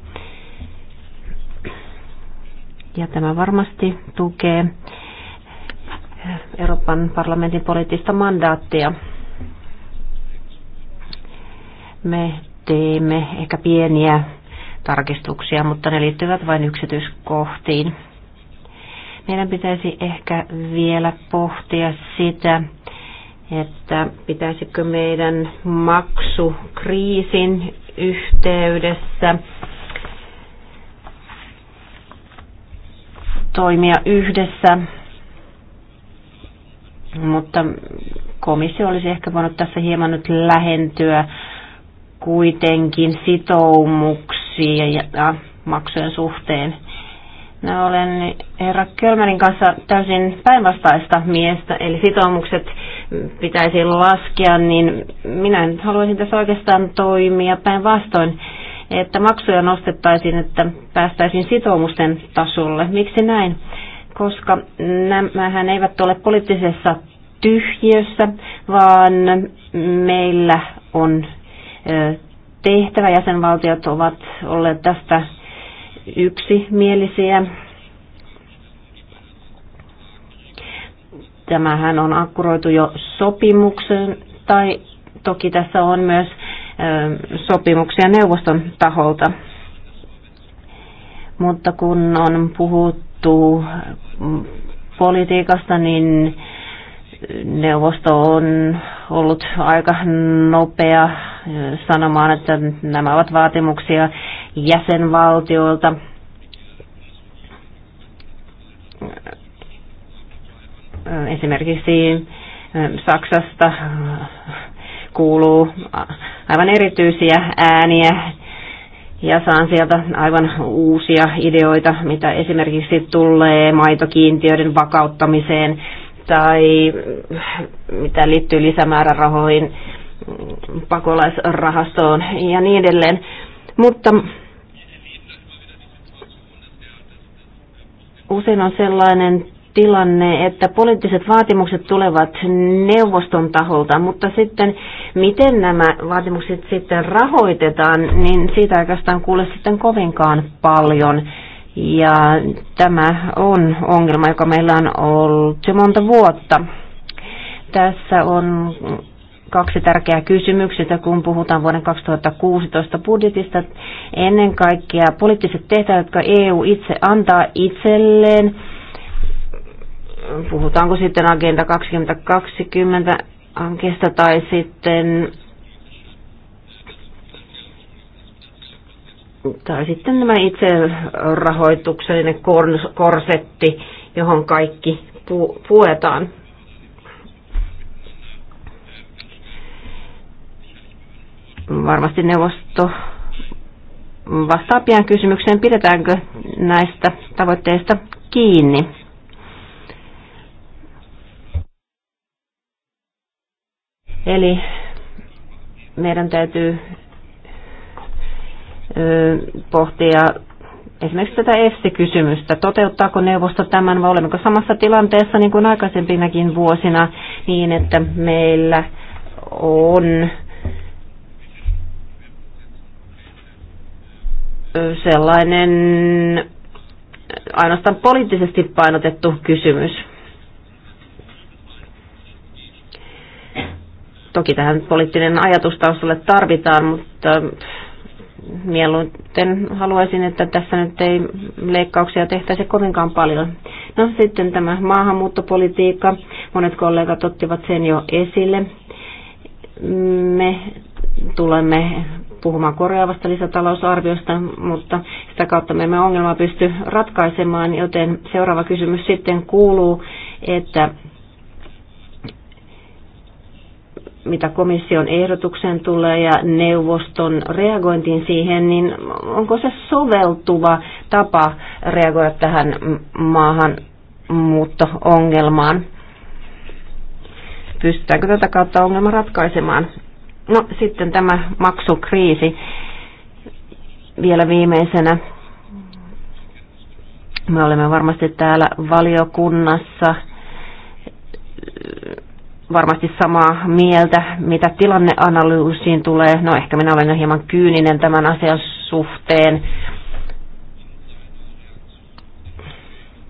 Ja tämä varmasti tukee Euroopan parlamentin poliittista mandaattia. Me teemme ehkä pieniä tarkistuksia, mutta ne liittyvät vain yksityiskohtiin. Meidän pitäisi ehkä vielä pohtia sitä, että pitäisikö meidän maksukriisin yhteydessä toimia yhdessä, mutta komissio olisi ehkä voinut tässä hieman nyt lähentyä kuitenkin sitoumuksiin ja maksujen suhteen olen herra Kölmärin kanssa täysin päinvastaista miestä, eli sitoumukset pitäisi laskea, niin minä haluaisin tässä oikeastaan toimia päinvastoin, että maksuja nostettaisiin, että päästäisiin sitoumusten tasolle. Miksi näin? Koska nämähän eivät ole poliittisessa tyhjiössä, vaan meillä on tehtävä. Jäsenvaltiot ovat olleet tästä yksimielisiä. Tämähän on akkuroitu jo sopimuksen, tai toki tässä on myös sopimuksia neuvoston taholta. Mutta kun on puhuttu politiikasta, niin neuvosto on ollut aika nopea sanomaan, että nämä ovat vaatimuksia jäsenvaltioilta. Esimerkiksi eh, Saksasta kuuluu aivan erityisiä ääniä ja saan sieltä aivan uusia ideoita, mitä esimerkiksi tulee maitokiintiöiden vakauttamiseen tai mitä liittyy lisämäärärahoihin, pakolaisrahastoon ja niin edelleen. Mutta usein on sellainen tilanne, että poliittiset vaatimukset tulevat neuvoston taholta, mutta sitten miten nämä vaatimukset sitten rahoitetaan, niin siitä oikeastaan kuule sitten kovinkaan paljon. Ja tämä on ongelma, joka meillä on ollut jo monta vuotta. Tässä on kaksi tärkeää kysymystä, kun puhutaan vuoden 2016 budjetista. Ennen kaikkea poliittiset tehtävät, jotka EU itse antaa itselleen, puhutaanko sitten Agenda 2020 hankkeesta tai sitten Tai sitten nämä itse rahoituksellinen korsetti, johon kaikki pu- puetaan. Varmasti neuvosto vastaa pian kysymykseen, pidetäänkö näistä tavoitteista kiinni. Eli meidän täytyy pohtia esimerkiksi tätä EFSI-kysymystä. Toteuttaako neuvosto tämän vai olemmeko samassa tilanteessa niin kuin aikaisempinakin vuosina niin, että meillä on sellainen ainoastaan poliittisesti painotettu kysymys. Toki tähän poliittinen ajatus tarvitaan, mutta mieluiten haluaisin, että tässä nyt ei leikkauksia tehtäisi kovinkaan paljon. No sitten tämä maahanmuuttopolitiikka, monet kollegat ottivat sen jo esille. Me tulemme puhumaan korjaavasta lisätalousarviosta, mutta sitä kautta me emme ongelmaa pysty ratkaisemaan, joten seuraava kysymys sitten kuuluu, että mitä komission ehdotukseen tulee ja neuvoston reagointiin siihen, niin onko se soveltuva tapa reagoida tähän maahan muutto-ongelmaan? Pystytäänkö tätä kautta ongelma ratkaisemaan? No sitten tämä maksukriisi vielä viimeisenä. Me olemme varmasti täällä valiokunnassa varmasti samaa mieltä, mitä tilanneanalyysiin tulee. No ehkä minä olen jo hieman kyyninen tämän asian suhteen.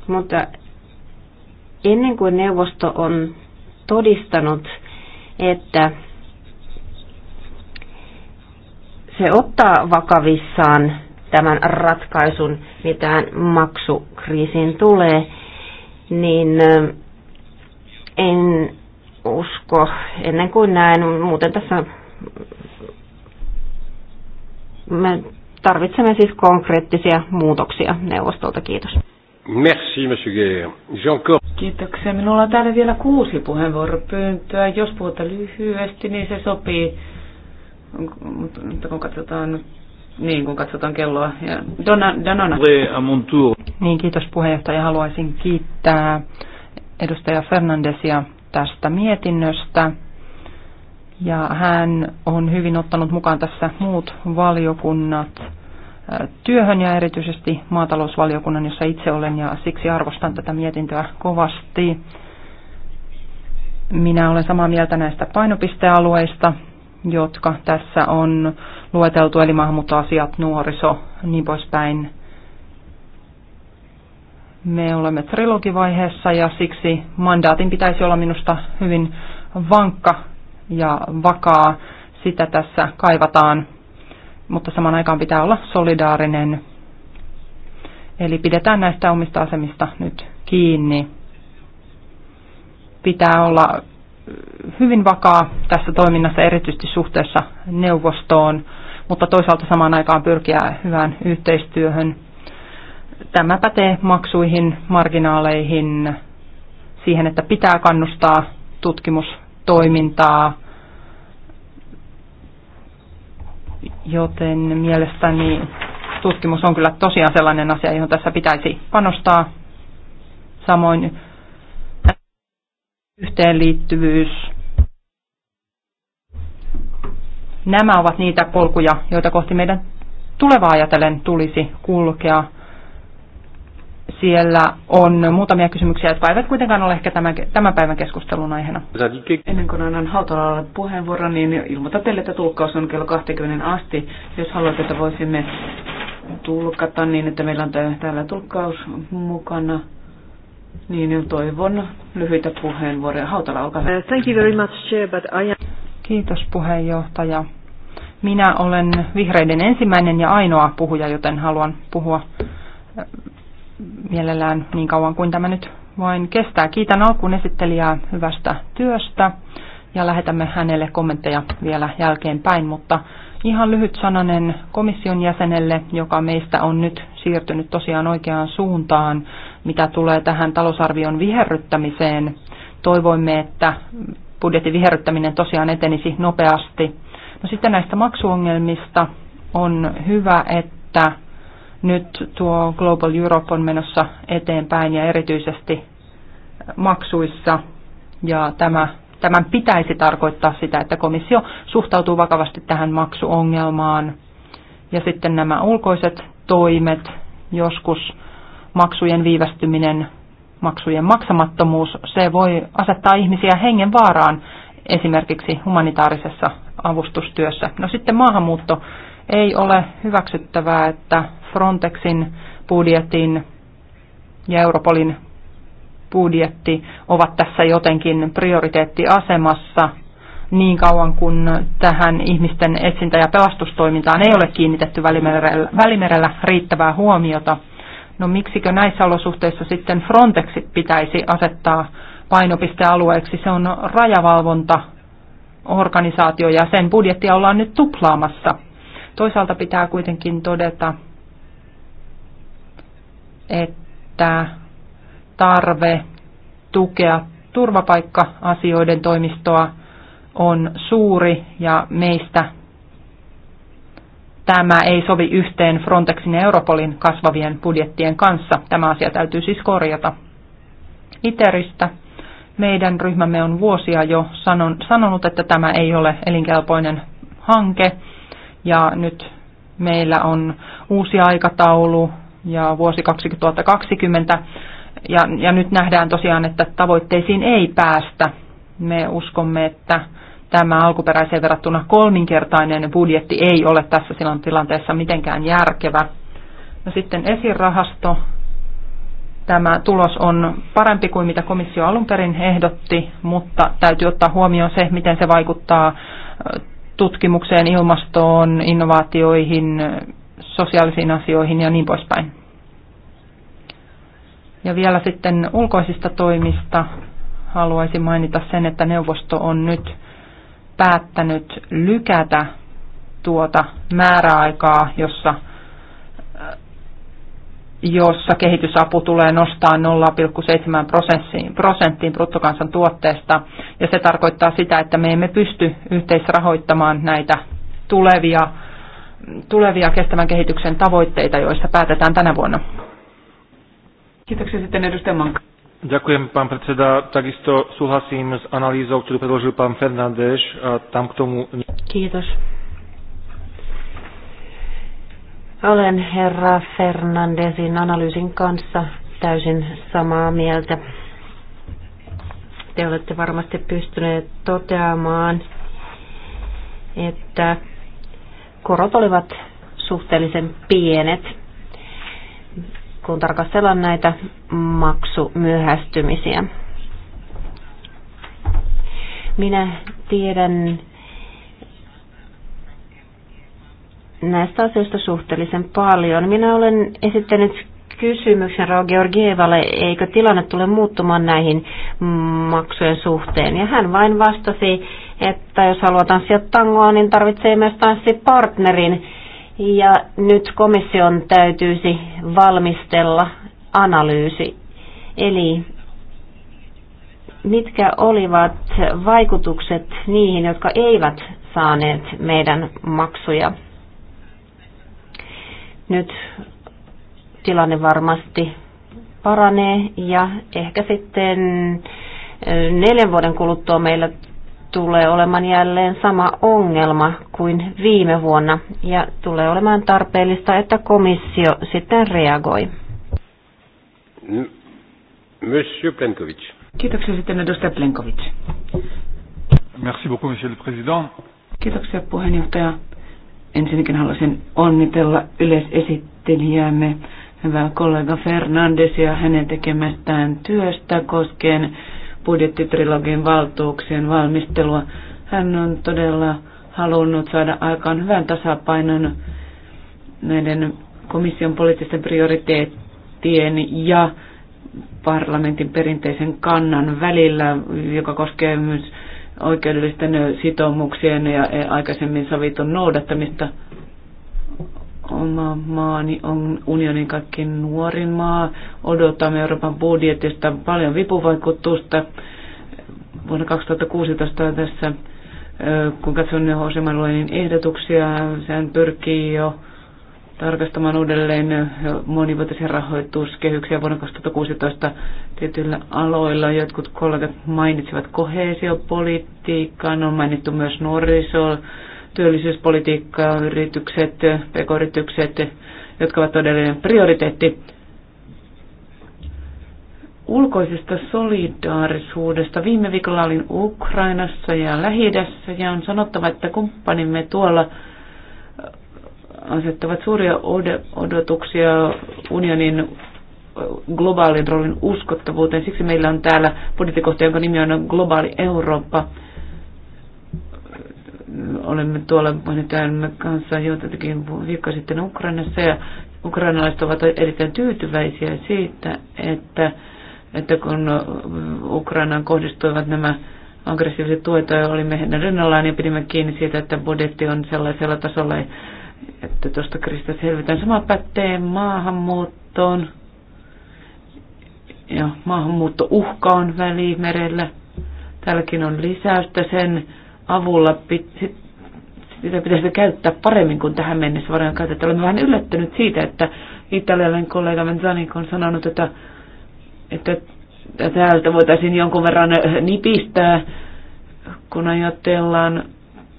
Mutta ennen kuin neuvosto on todistanut, että se ottaa vakavissaan tämän ratkaisun, mitään maksukriisiin tulee, niin en usko ennen kuin näen. Muuten tässä me tarvitsemme siis konkreettisia muutoksia neuvostolta. Kiitos. Merci, monsieur Guerre. Encore... Kiitoksia. Minulla on täällä vielä kuusi puheenvuoropyyntöä. Jos puhuta lyhyesti, niin se sopii. Mutta kun katsotaan, niin kun katsotaan kelloa. Ja Donna, Danona. Niin, kiitos puheenjohtaja. Haluaisin kiittää edustaja Fernandesia tästä mietinnöstä. Ja hän on hyvin ottanut mukaan tässä muut valiokunnat työhön ja erityisesti maatalousvaliokunnan, jossa itse olen ja siksi arvostan tätä mietintöä kovasti. Minä olen samaa mieltä näistä painopistealueista, jotka tässä on lueteltu, eli maahanmuuttoasiat, nuoriso, niin poispäin. Me olemme trilogivaiheessa ja siksi mandaatin pitäisi olla minusta hyvin vankka ja vakaa. Sitä tässä kaivataan, mutta saman aikaan pitää olla solidaarinen. Eli pidetään näistä omista asemista nyt kiinni. Pitää olla hyvin vakaa tässä toiminnassa, erityisesti suhteessa neuvostoon, mutta toisaalta samaan aikaan pyrkiä hyvään yhteistyöhön – Tämä pätee maksuihin, marginaaleihin, siihen, että pitää kannustaa tutkimustoimintaa, joten mielestäni tutkimus on kyllä tosiaan sellainen asia, johon tässä pitäisi panostaa. Samoin yhteenliittyvyys. Nämä ovat niitä polkuja, joita kohti meidän tulevaa ajatellen tulisi kulkea. Siellä on muutamia kysymyksiä, jotka eivät kuitenkaan ole ehkä tämän, tämän päivän keskustelun aiheena. Ennen kuin annan Hautalalle puheenvuoron, niin ilmoitan teille, että tulkkaus on kello 20 asti. Jos haluat, että voisimme tulkata niin, että meillä on täällä tulkkaus mukana. Niin, toivon lyhyitä puheenvuoroja. Hautala, olkaa hyvä. Uh, thank you very much, Chair, but I am... Kiitos puheenjohtaja. Minä olen vihreiden ensimmäinen ja ainoa puhuja, joten haluan puhua mielellään niin kauan kuin tämä nyt vain kestää. Kiitän alkuun esittelijää hyvästä työstä ja lähetämme hänelle kommentteja vielä jälkeenpäin, mutta ihan lyhyt sananen komission jäsenelle, joka meistä on nyt siirtynyt tosiaan oikeaan suuntaan, mitä tulee tähän talousarvion viherryttämiseen. Toivoimme, että budjetin viherryttäminen tosiaan etenisi nopeasti. No sitten näistä maksuongelmista on hyvä, että nyt tuo Global Europe on menossa eteenpäin ja erityisesti maksuissa. Ja tämä, tämän pitäisi tarkoittaa sitä, että komissio suhtautuu vakavasti tähän maksuongelmaan. Ja sitten nämä ulkoiset toimet, joskus maksujen viivästyminen, maksujen maksamattomuus, se voi asettaa ihmisiä hengen vaaraan esimerkiksi humanitaarisessa avustustyössä. No sitten maahanmuutto ei ole hyväksyttävää, että Frontexin budjetin ja Europolin budjetti ovat tässä jotenkin prioriteettiasemassa niin kauan kuin tähän ihmisten etsintä- ja pelastustoimintaan ei ole kiinnitetty välimerellä, välimerellä riittävää huomiota. No miksikö näissä olosuhteissa sitten Frontexit pitäisi asettaa painopistealueeksi? Se on rajavalvonta organisaatio ja sen budjettia ollaan nyt tuplaamassa. Toisaalta pitää kuitenkin todeta, että tarve tukea turvapaikka-asioiden toimistoa on suuri ja meistä tämä ei sovi yhteen Frontexin ja Europolin kasvavien budjettien kanssa. Tämä asia täytyy siis korjata. Iteristä meidän ryhmämme on vuosia jo sanon, sanonut, että tämä ei ole elinkelpoinen hanke ja nyt meillä on uusi aikataulu, ja vuosi 2020. Ja, ja nyt nähdään tosiaan, että tavoitteisiin ei päästä. Me uskomme, että tämä alkuperäiseen verrattuna kolminkertainen budjetti ei ole tässä tilanteessa mitenkään järkevä. No sitten esirahasto. Tämä tulos on parempi kuin mitä komissio alun perin ehdotti, mutta täytyy ottaa huomioon se, miten se vaikuttaa tutkimukseen, ilmastoon, innovaatioihin, sosiaalisiin asioihin ja niin poispäin. Ja vielä sitten ulkoisista toimista haluaisin mainita sen, että neuvosto on nyt päättänyt lykätä tuota määräaikaa, jossa, jossa kehitysapu tulee nostaa 0,7 prosenttiin bruttokansantuotteesta. Ja se tarkoittaa sitä, että me emme pysty yhteisrahoittamaan näitä tulevia tulevia kestävän kehityksen tavoitteita, joista päätetään tänä vuonna? Kiitoksia sitten edustaja Manka. Ďakujem, pán predseda. Takisto súhlasím s analýzou, ktorú predložil pán Fernández. Tam k tomu... Kiitos. Olen herra Fernandesin analyysin kanssa täysin samaa mieltä. Te olette varmasti pystyneet toteamaan, että korot olivat suhteellisen pienet, kun tarkastellaan näitä maksumyöhästymisiä. Minä tiedän näistä asioista suhteellisen paljon. Minä olen esittänyt kysymyksen Rao Georgievalle, eikö tilanne tule muuttumaan näihin maksujen suhteen. Ja hän vain vastasi, että jos haluaa tanssia tangoa, niin tarvitsee myös tanssipartnerin. Ja nyt komission täytyisi valmistella analyysi. Eli mitkä olivat vaikutukset niihin, jotka eivät saaneet meidän maksuja. Nyt tilanne varmasti paranee ja ehkä sitten neljän vuoden kuluttua meillä tulee olemaan jälleen sama ongelma kuin viime vuonna ja tulee olemaan tarpeellista, että komissio sitten reagoi. Monsieur Plenkovic. Kiitoksia sitten edustaja Plenkovic. Merci beaucoup, monsieur le président. Kiitoksia puheenjohtaja. Ensinnäkin haluaisin onnitella yleisesittelijäämme, hyvää kollega Fernandesia hänen tekemästään työstä koskien budjettitrilogin valtuuksien valmistelua. Hän on todella halunnut saada aikaan hyvän tasapainon näiden komission poliittisten prioriteettien ja parlamentin perinteisen kannan välillä, joka koskee myös oikeudellisten sitoumuksien ja aikaisemmin sovitun noudattamista – Oma maani on unionin kaikkein nuorin maa. Odotamme Euroopan budjetista paljon vipuvaikutusta. Vuonna 2016 tässä, kun katson Jose Manuelin ehdotuksia, sehän pyrkii jo tarkastamaan uudelleen monivuotisia rahoituskehyksiä vuonna 2016 tietyillä aloilla. Jotkut kollegat mainitsivat kohesiopolitiikkaan, on mainittu myös nuoriso työllisyyspolitiikkaa, yritykset, pekoritykset, jotka ovat todellinen prioriteetti. Ulkoisesta solidaarisuudesta. Viime viikolla olin Ukrainassa ja lähi ja on sanottava, että kumppanimme tuolla äh, asettavat suuria odotuksia unionin äh, globaalin roolin uskottavuuteen. Siksi meillä on täällä budjettikohta, jonka nimi on Globaali Eurooppa – Olemme tuolla puheenjohtajamme kanssa joitakin viikko sitten Ukrainassa ja ukrainalaiset ovat erittäin tyytyväisiä siitä, että, että kun Ukrainaan kohdistuivat nämä aggressiiviset tuet, olimme heidän rinnallaan ja pidimme kiinni siitä, että budjetti on sellaisella tasolla, että tuosta kristä selvitään. Sama pätee maahanmuuttoon. Ja maahanmuutto uhka on välimerellä. Täälläkin on lisäystä sen avulla sitä pitäisi käyttää paremmin kuin tähän mennessä varmaan käytetty. Olen vähän yllättynyt siitä, että italialainen kollega Menzanik on sanonut, että, että täältä voitaisiin jonkun verran äh, nipistää, kun ajatellaan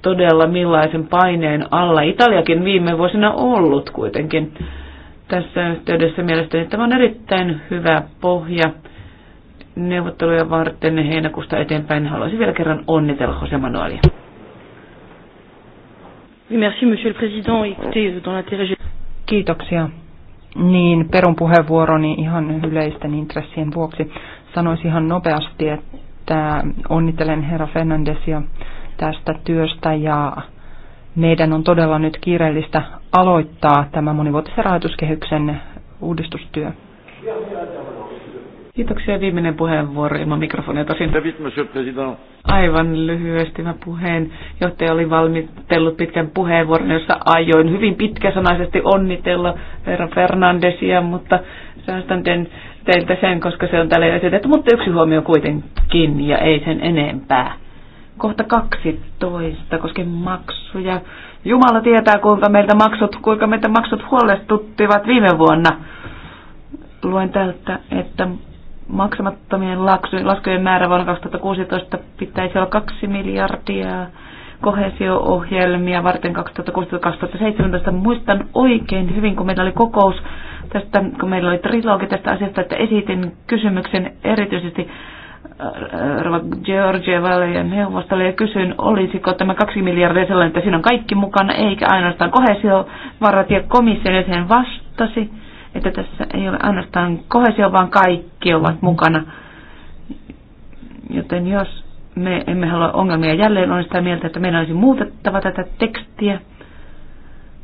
todella millaisen paineen alla Italiakin viime vuosina ollut kuitenkin. Tässä yhteydessä mielestäni tämä on erittäin hyvä pohja neuvotteluja varten heinäkuusta eteenpäin. Haluaisin vielä kerran onnitella Jose Manuelia. Merci, monsieur le président. Écoutez, dans l'intérêt... Kiitoksia. Niin, perun puheenvuoroni ihan yleisten intressien vuoksi. Sanoisin ihan nopeasti, että onnittelen herra Fernandesia tästä työstä ja meidän on todella nyt kiireellistä aloittaa tämä monivuotisen rahoituskehyksen uudistustyö. Kiitoksia. Viimeinen puheenvuoro ilman mikrofonia tosin. Aivan lyhyesti mä puheen, Johtaja oli valmistellut pitkän puheenvuoron, jossa ajoin hyvin pitkäsanaisesti onnitella herra Fernandesia, mutta säästän ten teiltä sen, koska se on täällä esitetty. Mutta yksi huomio kuitenkin ja ei sen enempää. Kohta 12 koskien maksuja. Jumala tietää, kuinka meiltä maksut, kuinka meitä maksut huolestuttivat viime vuonna luen tältä, että maksamattomien laskujen määrä vuonna 2016 pitäisi olla 2 miljardia kohesio-ohjelmia varten 2016-2017. Muistan oikein hyvin, kun meillä oli kokous tästä, kun meillä oli trilogi tästä asiasta, että esitin kysymyksen erityisesti äh, Georgievalle ja neuvostolle ja kysyin, olisiko tämä kaksi miljardia sellainen, että siinä on kaikki mukana, eikä ainoastaan kohesiovarat ja komission ja sen vastasi että tässä ei ole ainoastaan kohesio, vaan kaikki ovat mukana. Joten jos me emme halua ongelmia jälleen, on sitä mieltä, että meidän olisi muutettava tätä tekstiä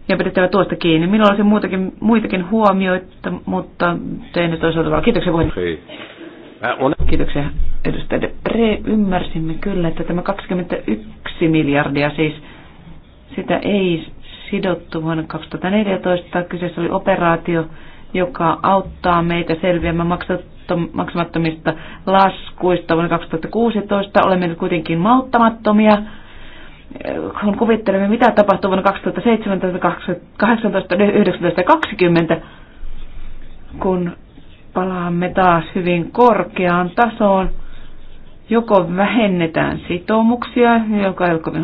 ja pidettävä tuosta kiinni. Minulla olisi muitakin, muitakin huomioita, mutta tein ne toisella tavalla. Kiitoksia puheenjohtaja. Kiitoksia edustaja Pre. Ymmärsimme kyllä, että tämä 21 miljardia siis, sitä ei sidottu vuonna 2014. Kyseessä oli operaatio, joka auttaa meitä selviämään maksamattomista laskuista vuonna 2016. Olemme nyt kuitenkin mauttamattomia. kun kuvittelemme, mitä tapahtuu vuonna 2017, 2018, 2019 ja 2020, kun palaamme taas hyvin korkeaan tasoon, joko vähennetään sitoumuksia, joka ei ole kovin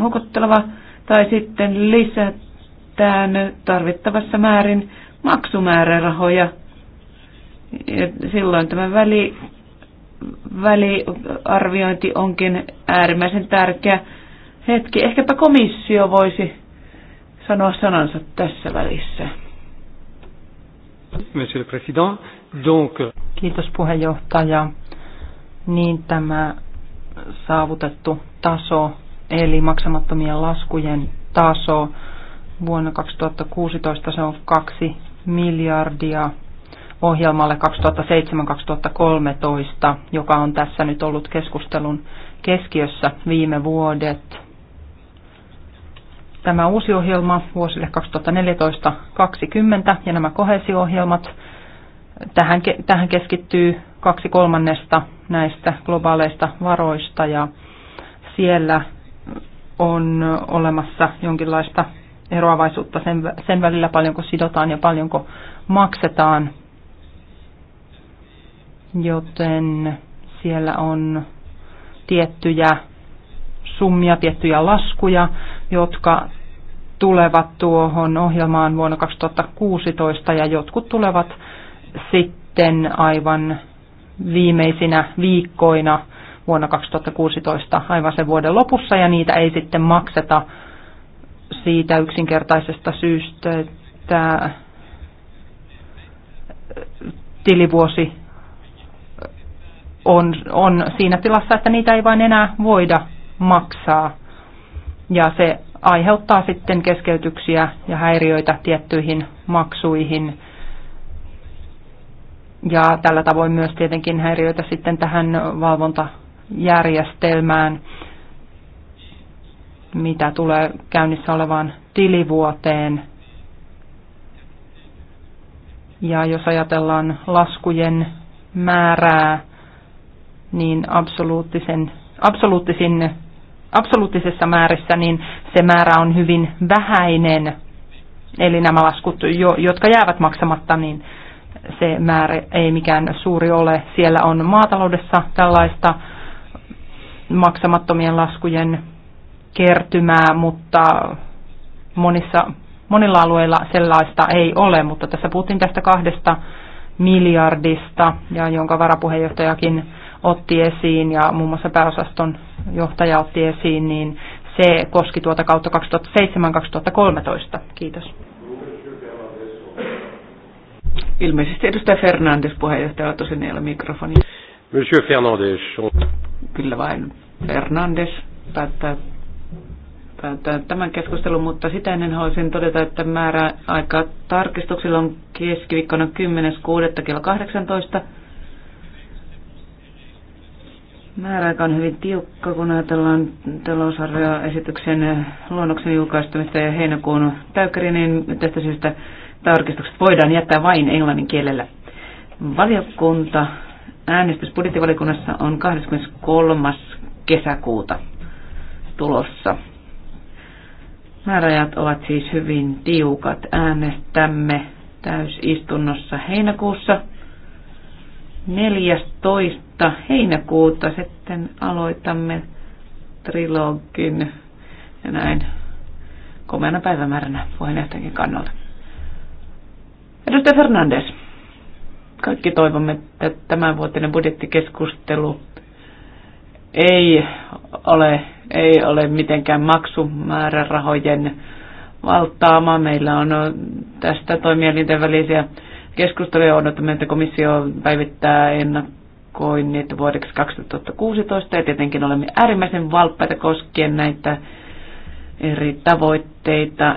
tai sitten lisätään tarvittavassa määrin maksumäärärahoja. Ja silloin tämä väli, väliarviointi onkin äärimmäisen tärkeä hetki. Ehkäpä komissio voisi sanoa sanansa tässä välissä. Monsieur le Président, donc... Kiitos puheenjohtaja. Niin tämä saavutettu taso, eli maksamattomien laskujen taso, vuonna 2016 se on 2 miljardia ohjelmalle 2007-2013, joka on tässä nyt ollut keskustelun keskiössä viime vuodet. Tämä uusi ohjelma vuosille 2014-2020 ja nämä kohesiohjelmat, tähän, tähän keskittyy kaksi kolmannesta näistä globaaleista varoista ja siellä on olemassa jonkinlaista eroavaisuutta sen, sen välillä, paljonko sidotaan ja paljonko maksetaan. Joten siellä on tiettyjä summia, tiettyjä laskuja, jotka tulevat tuohon ohjelmaan vuonna 2016 ja jotkut tulevat sitten aivan viimeisinä viikkoina vuonna 2016 aivan sen vuoden lopussa ja niitä ei sitten makseta siitä yksinkertaisesta syystä, että äh, tilivuosi äh, on, on siinä tilassa, että niitä ei vain enää voida maksaa. Ja se aiheuttaa sitten keskeytyksiä ja häiriöitä tiettyihin maksuihin. Ja tällä tavoin myös tietenkin häiriöitä sitten tähän valvontajärjestelmään mitä tulee käynnissä olevaan tilivuoteen. Ja jos ajatellaan laskujen määrää, niin absoluuttisen, absoluuttisin, absoluuttisessa määrissä niin se määrä on hyvin vähäinen. Eli nämä laskut, jotka jäävät maksamatta, niin se määrä ei mikään suuri ole. Siellä on maataloudessa tällaista maksamattomien laskujen kertymää, mutta monissa, monilla alueilla sellaista ei ole, mutta tässä puhuttiin tästä kahdesta miljardista, ja jonka varapuheenjohtajakin otti esiin ja muun muassa pääosaston johtaja otti esiin, niin se koski tuota kautta 2007-2013. Kiitos. Ilmeisesti edustaja Fernandes puheenjohtaja tosin ei ole mikrofoni. Monsieur Fernandes. Kyllä vain. Fernandes päättää tämän keskustelun, mutta sitä ennen haluaisin todeta, että määrä aika tarkistuksilla on keskiviikkona 10.6. kello 18. Määräaika on hyvin tiukka, kun ajatellaan talousarvioesityksen luonnoksen julkaistumista ja heinäkuun täykkäri, niin tästä syystä tarkistukset voidaan jättää vain englannin kielellä. Valiokunta äänestys budjettivalikunnassa on 23. kesäkuuta tulossa. Määräajat ovat siis hyvin tiukat. Äänestämme täysistunnossa heinäkuussa 14. heinäkuuta. Sitten aloitamme trilogin ja näin komeana päivämääränä puheenjohtajankin kannalta. Edustaja Fernandes, kaikki toivomme, että tämänvuotinen budjettikeskustelu ei ole, ei ole mitenkään maksumäärärahojen valtaama. Meillä on tästä toimielinten välisiä keskusteluja. Odotamme, että komissio päivittää ennakoinnit vuodeksi 2016 ja tietenkin olemme äärimmäisen valppaita koskien näitä eri tavoitteita.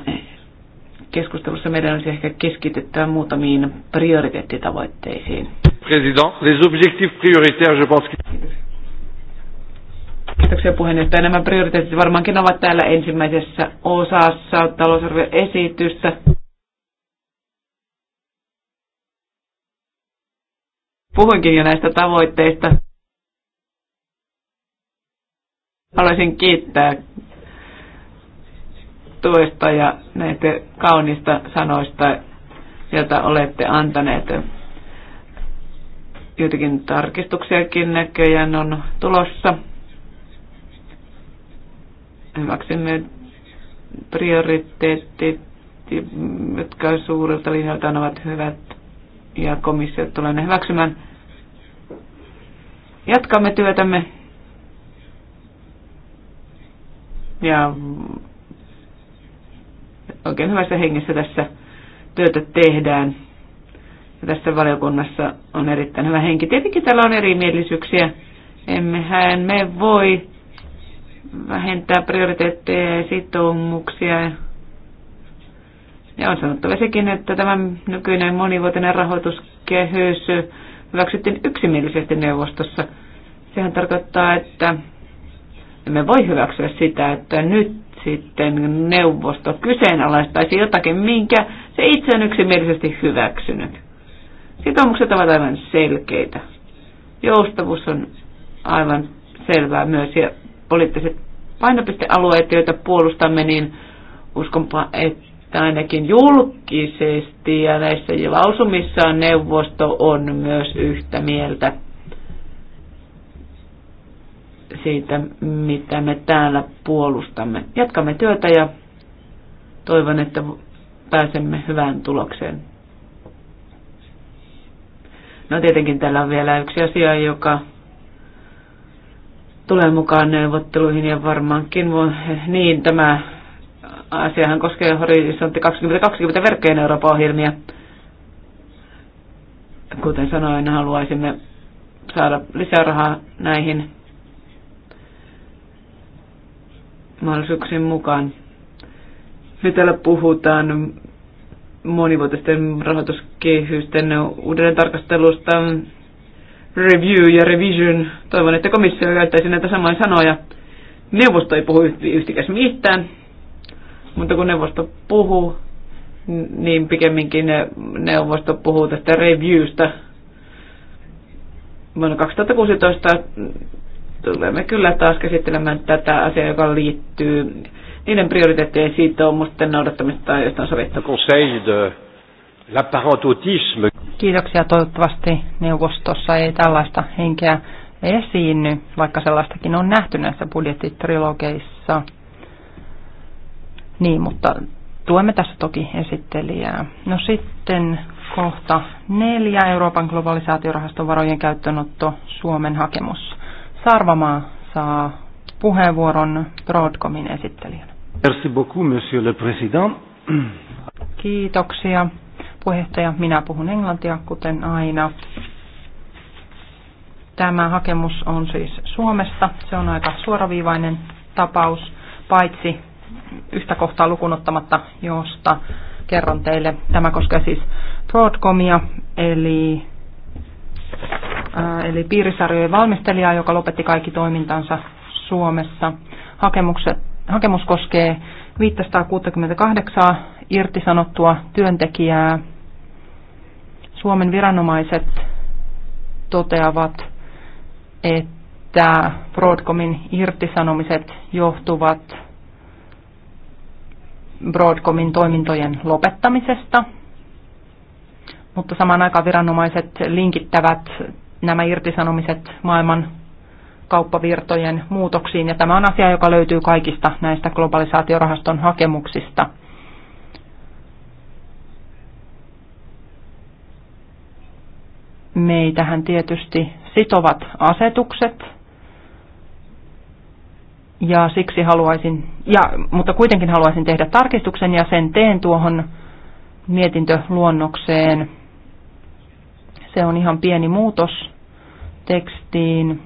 Keskustelussa meidän olisi ehkä keskityttävä muutamiin prioriteettitavoitteisiin. President, les objectifs prioritaires, je pense que... Kiitoksia puheenjohtaja. Nämä prioriteetit varmaankin ovat täällä ensimmäisessä osassa talousarvioesitystä. Puhuinkin jo näistä tavoitteista. Haluaisin kiittää tuesta ja näitä kaunista sanoista, joita olette antaneet. Joitakin tarkistuksiakin näköjään on tulossa hyväksymme prioriteetit, jotka suurelta linjaltaan ovat hyvät ja komissio tulee ne hyväksymään. Jatkamme työtämme ja oikein hyvässä hengessä tässä työtä tehdään. Ja tässä valiokunnassa on erittäin hyvä henki. Tietenkin täällä on erimielisyyksiä. Emmehän me voi vähentää prioriteetteja ja sitoumuksia. Ja on sanottava sekin, että tämä nykyinen monivuotinen rahoituskehys hyväksyttiin yksimielisesti neuvostossa. Sehän tarkoittaa, että emme voi hyväksyä sitä, että nyt sitten neuvosto kyseenalaistaisi jotakin, minkä se itse on yksimielisesti hyväksynyt. Sitoumukset ovat aivan selkeitä. Joustavuus on aivan selvää myös ja poliittiset painopistealueet, joita puolustamme, niin uskonpa, että ainakin julkisesti ja näissä lausumissaan neuvosto on myös yhtä mieltä siitä, mitä me täällä puolustamme. Jatkamme työtä ja toivon, että pääsemme hyvään tulokseen. No tietenkin täällä on vielä yksi asia, joka tulee mukaan neuvotteluihin ja varmaankin niin tämä asiahan koskee Horisontti 2020 verkkojen Euroopan ohjelmia. Kuten sanoin, haluaisimme saada lisää rahaa näihin mahdollisuuksien mukaan. Me täällä puhutaan monivuotisten rahoituskehysten uudelleen tarkastelusta review ja revision. Toivon, että komissio käyttäisi näitä samoja sanoja. Neuvosto ei puhu yhtikäs mitään, mutta kun neuvosto puhuu, niin pikemminkin äh, neuvosto puhuu tästä reviewstä. Vuonna 2016 tulemme kyllä taas käsittelemään tätä asiaa, joka liittyy niiden prioriteettien sitoumusten noudattamista, joista on sovittu. Conseil de Kiitoksia. Toivottavasti neuvostossa ei tällaista henkeä esiinny, vaikka sellaistakin on nähty näissä budjettitrilogeissa. Niin, mutta tuemme tässä toki esittelijää. No sitten kohta neljä Euroopan globalisaatiorahaston varojen käyttöönotto Suomen hakemus. Sarvamaa saa puheenvuoron Broadcomin esittelijänä. Merci beaucoup, monsieur le président. Kiitoksia puheenjohtaja. Minä puhun englantia, kuten aina. Tämä hakemus on siis Suomesta. Se on aika suoraviivainen tapaus, paitsi yhtä kohtaa lukunottamatta, josta kerron teille. Tämä koskee siis Broadcomia, eli, äh, eli piirisarjojen valmistelijaa, joka lopetti kaikki toimintansa Suomessa. Hakemukset, hakemus koskee 568 irtisanottua työntekijää Suomen viranomaiset toteavat, että Broadcomin irtisanomiset johtuvat Broadcomin toimintojen lopettamisesta, mutta samaan aikaan viranomaiset linkittävät nämä irtisanomiset maailman kauppavirtojen muutoksiin, ja tämä on asia, joka löytyy kaikista näistä globalisaatiorahaston hakemuksista – Meitähän tietysti sitovat asetukset, ja siksi haluaisin, ja, mutta kuitenkin haluaisin tehdä tarkistuksen ja sen teen tuohon mietintöluonnokseen. Se on ihan pieni muutos tekstiin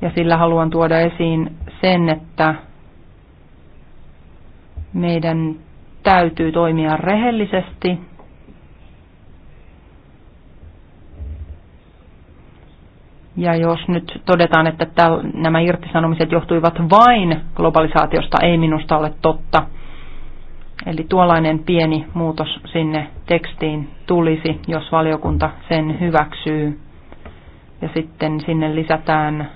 ja sillä haluan tuoda esiin sen, että meidän täytyy toimia rehellisesti Ja jos nyt todetaan, että täl, nämä irtisanomiset johtuivat vain globalisaatiosta, ei minusta ole totta. Eli tuollainen pieni muutos sinne tekstiin tulisi, jos valiokunta sen hyväksyy. Ja sitten sinne lisätään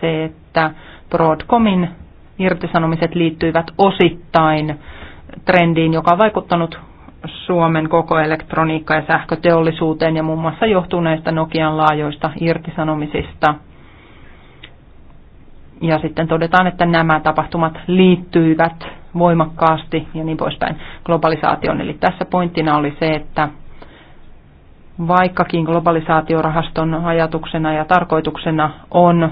se, että Broadcomin irtisanomiset liittyivät osittain trendiin, joka on vaikuttanut Suomen koko elektroniikka- ja sähköteollisuuteen ja muun muassa johtuneista Nokian laajoista irtisanomisista. Ja sitten todetaan, että nämä tapahtumat liittyivät voimakkaasti ja niin poispäin globalisaation. Eli tässä pointtina oli se, että vaikkakin globalisaatiorahaston ajatuksena ja tarkoituksena on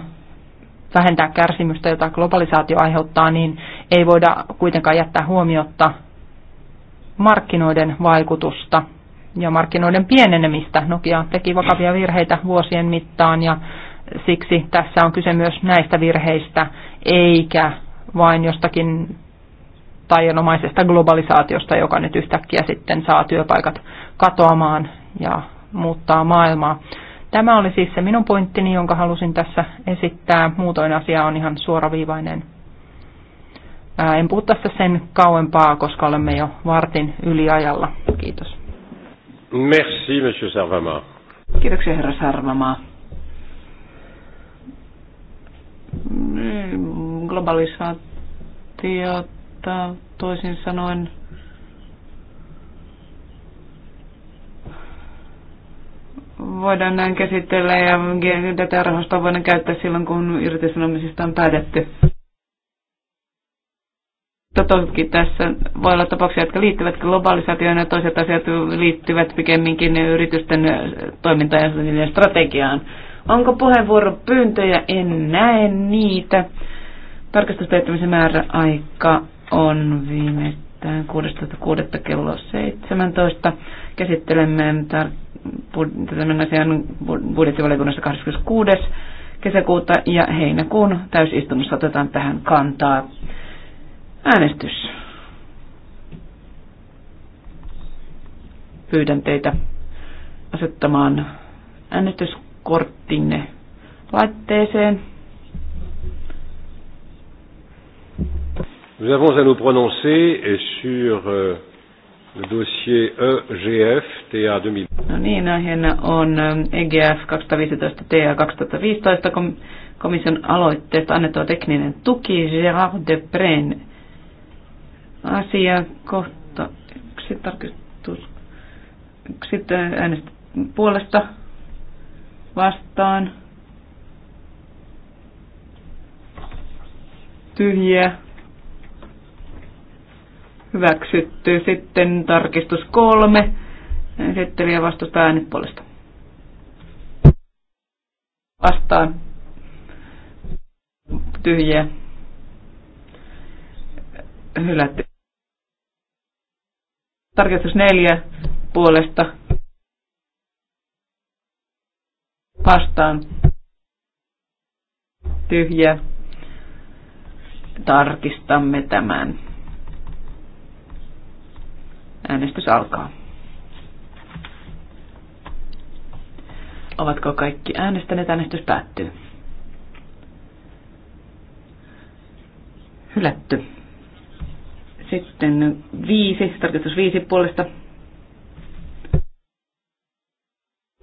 vähentää kärsimystä, jota globalisaatio aiheuttaa, niin ei voida kuitenkaan jättää huomiotta markkinoiden vaikutusta ja markkinoiden pienenemistä. Nokia teki vakavia virheitä vuosien mittaan ja siksi tässä on kyse myös näistä virheistä, eikä vain jostakin taianomaisesta globalisaatiosta, joka nyt yhtäkkiä sitten saa työpaikat katoamaan ja muuttaa maailmaa. Tämä oli siis se minun pointtini, jonka halusin tässä esittää. Muutoin asia on ihan suoraviivainen en puhu tästä sen kauempaa, koska olemme jo vartin yliajalla. Kiitos. Merci, monsieur Sarvamaa. Kiitoksia, herra Sarvamaa. Globalisaatiota toisin sanoen voidaan näin käsitellä ja tätä rahastoa voidaan käyttää silloin, kun irtisanomisista on päätetty toki tässä voi olla tapauksia, jotka liittyvät globalisaatioon ja toiset asiat liittyvät pikemminkin yritysten toimintaan ja niiden strategiaan. Onko puheenvuoropyyntöjä? En näe niitä. Tarkastustehtymisen määräaika on viimeistään 16.6. kello 17. Käsittelemme tämän asian budjettivaliokunnassa 26. kesäkuuta ja heinäkuun täysistunnossa otetaan tähän kantaa. Äänestys. Pyydän teitä asettamaan äänestyskorttinne laitteeseen. Nous avons à nous prononcer sur euh, le dossier EGF TA 2000. No niin, aiheena on EGF 215 TA 2015 komission aloitteesta annettava tekninen tuki Gérard Prenne asia. Kohta yksi tarkistus. Sitten äänestä puolesta vastaan. Tyhjiä. Hyväksytty. Sitten tarkistus kolme. Esittelijä vastustaa äänet puolesta. Vastaan. Tyhjiä. Hylätty. Tarkistus neljä puolesta vastaan. Tyhjä. Tarkistamme tämän. Äänestys alkaa. Ovatko kaikki äänestäneet? Äänestys päättyy. Hylätty. Sitten viisi, tarkoitus viisi puolesta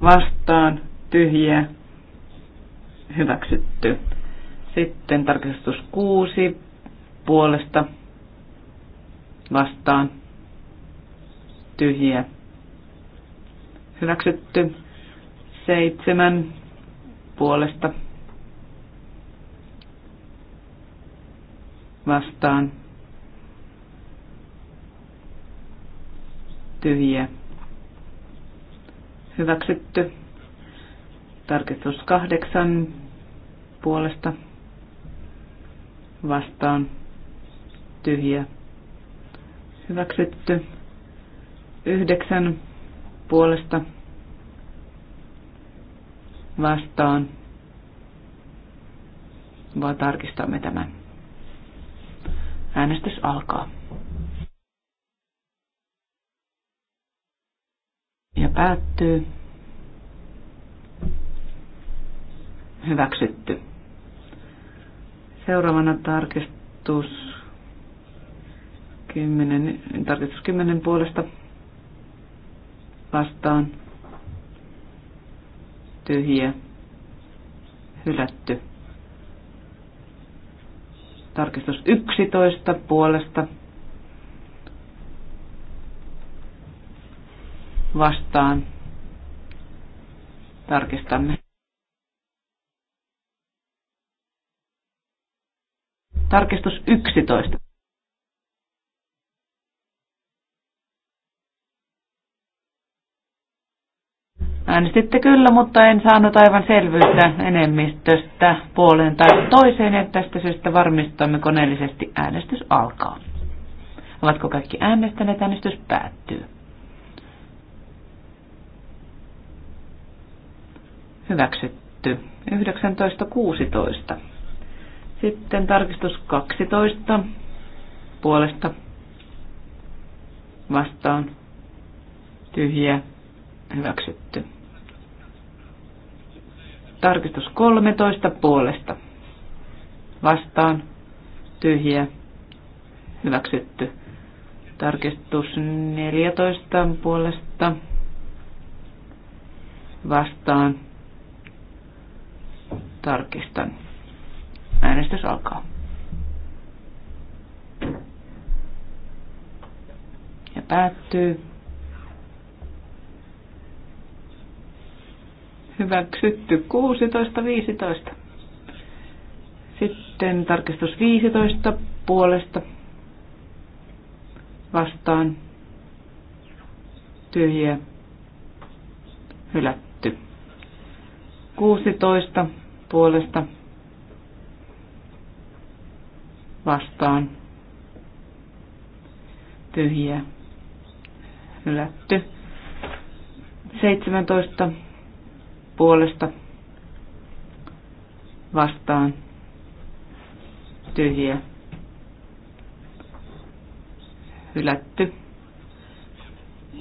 vastaan, tyhjiä, hyväksytty. Sitten tarkistus kuusi puolesta vastaan, tyhjiä, hyväksytty. Seitsemän puolesta vastaan, tyhjiä. Hyväksytty. Tarkistus kahdeksan puolesta vastaan tyhjiä. Hyväksytty. Yhdeksän puolesta vastaan. Vaan tarkistamme tämän. Äänestys alkaa. ja päättyy. Hyväksytty. Seuraavana tarkistus 10, tarkistus 10 puolesta vastaan. Tyhjä. Hylätty. Tarkistus 11 puolesta vastaan. Tarkistamme. Tarkistus 11. Äänestitte kyllä, mutta en saanut aivan selvyyttä enemmistöstä puoleen tai toiseen, että tästä syystä varmistamme koneellisesti äänestys alkaa. Ovatko kaikki äänestäneet? Äänestys päättyy. Hyväksytty. 19.16. Sitten tarkistus 12 puolesta vastaan tyhjä hyväksytty. Tarkistus 13 puolesta vastaan tyhjä hyväksytty. Tarkistus 14 puolesta vastaan tarkistan. Äänestys alkaa. Ja päättyy. Hyväksytty 16.15. Sitten tarkistus 15 puolesta vastaan tyhjiä hylätty. 16 puolesta vastaan tyhjiä hylätty. 17 puolesta vastaan tyhjiä hylätty.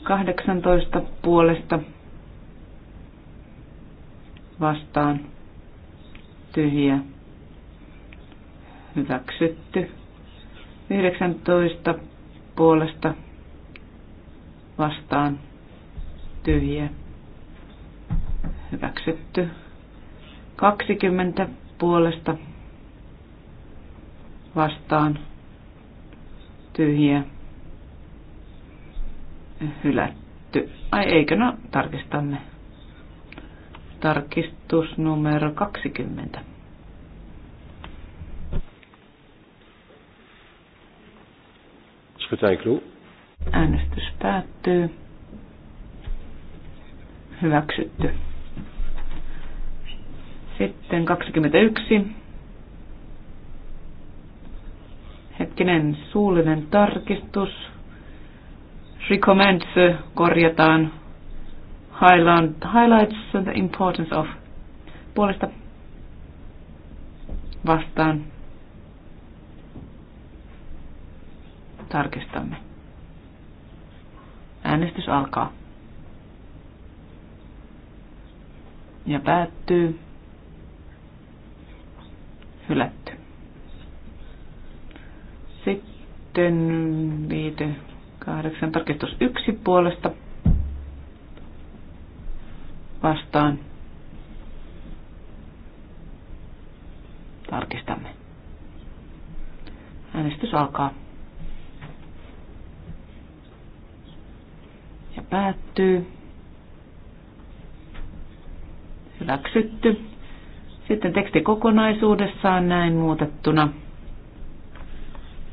18 puolesta vastaan tyhjä, hyväksytty. 19 puolesta vastaan tyhjä, hyväksytty. 20 puolesta vastaan tyhjä, hylätty. Ai eikö, no tarkistamme. Tarkistus numero 20. Äänestys päättyy. Hyväksytty. Sitten 21. Hetkinen, suullinen tarkistus. Recommends korjataan highlights the importance of puolesta vastaan. Tarkistamme. Äänestys alkaa. Ja päättyy. Hylätty. Sitten viite kahdeksan tarkistus yksi puolesta vastaan. Tarkistamme. Äänestys alkaa. Ja päättyy. Hyväksytty. Sitten teksti kokonaisuudessaan näin muutettuna.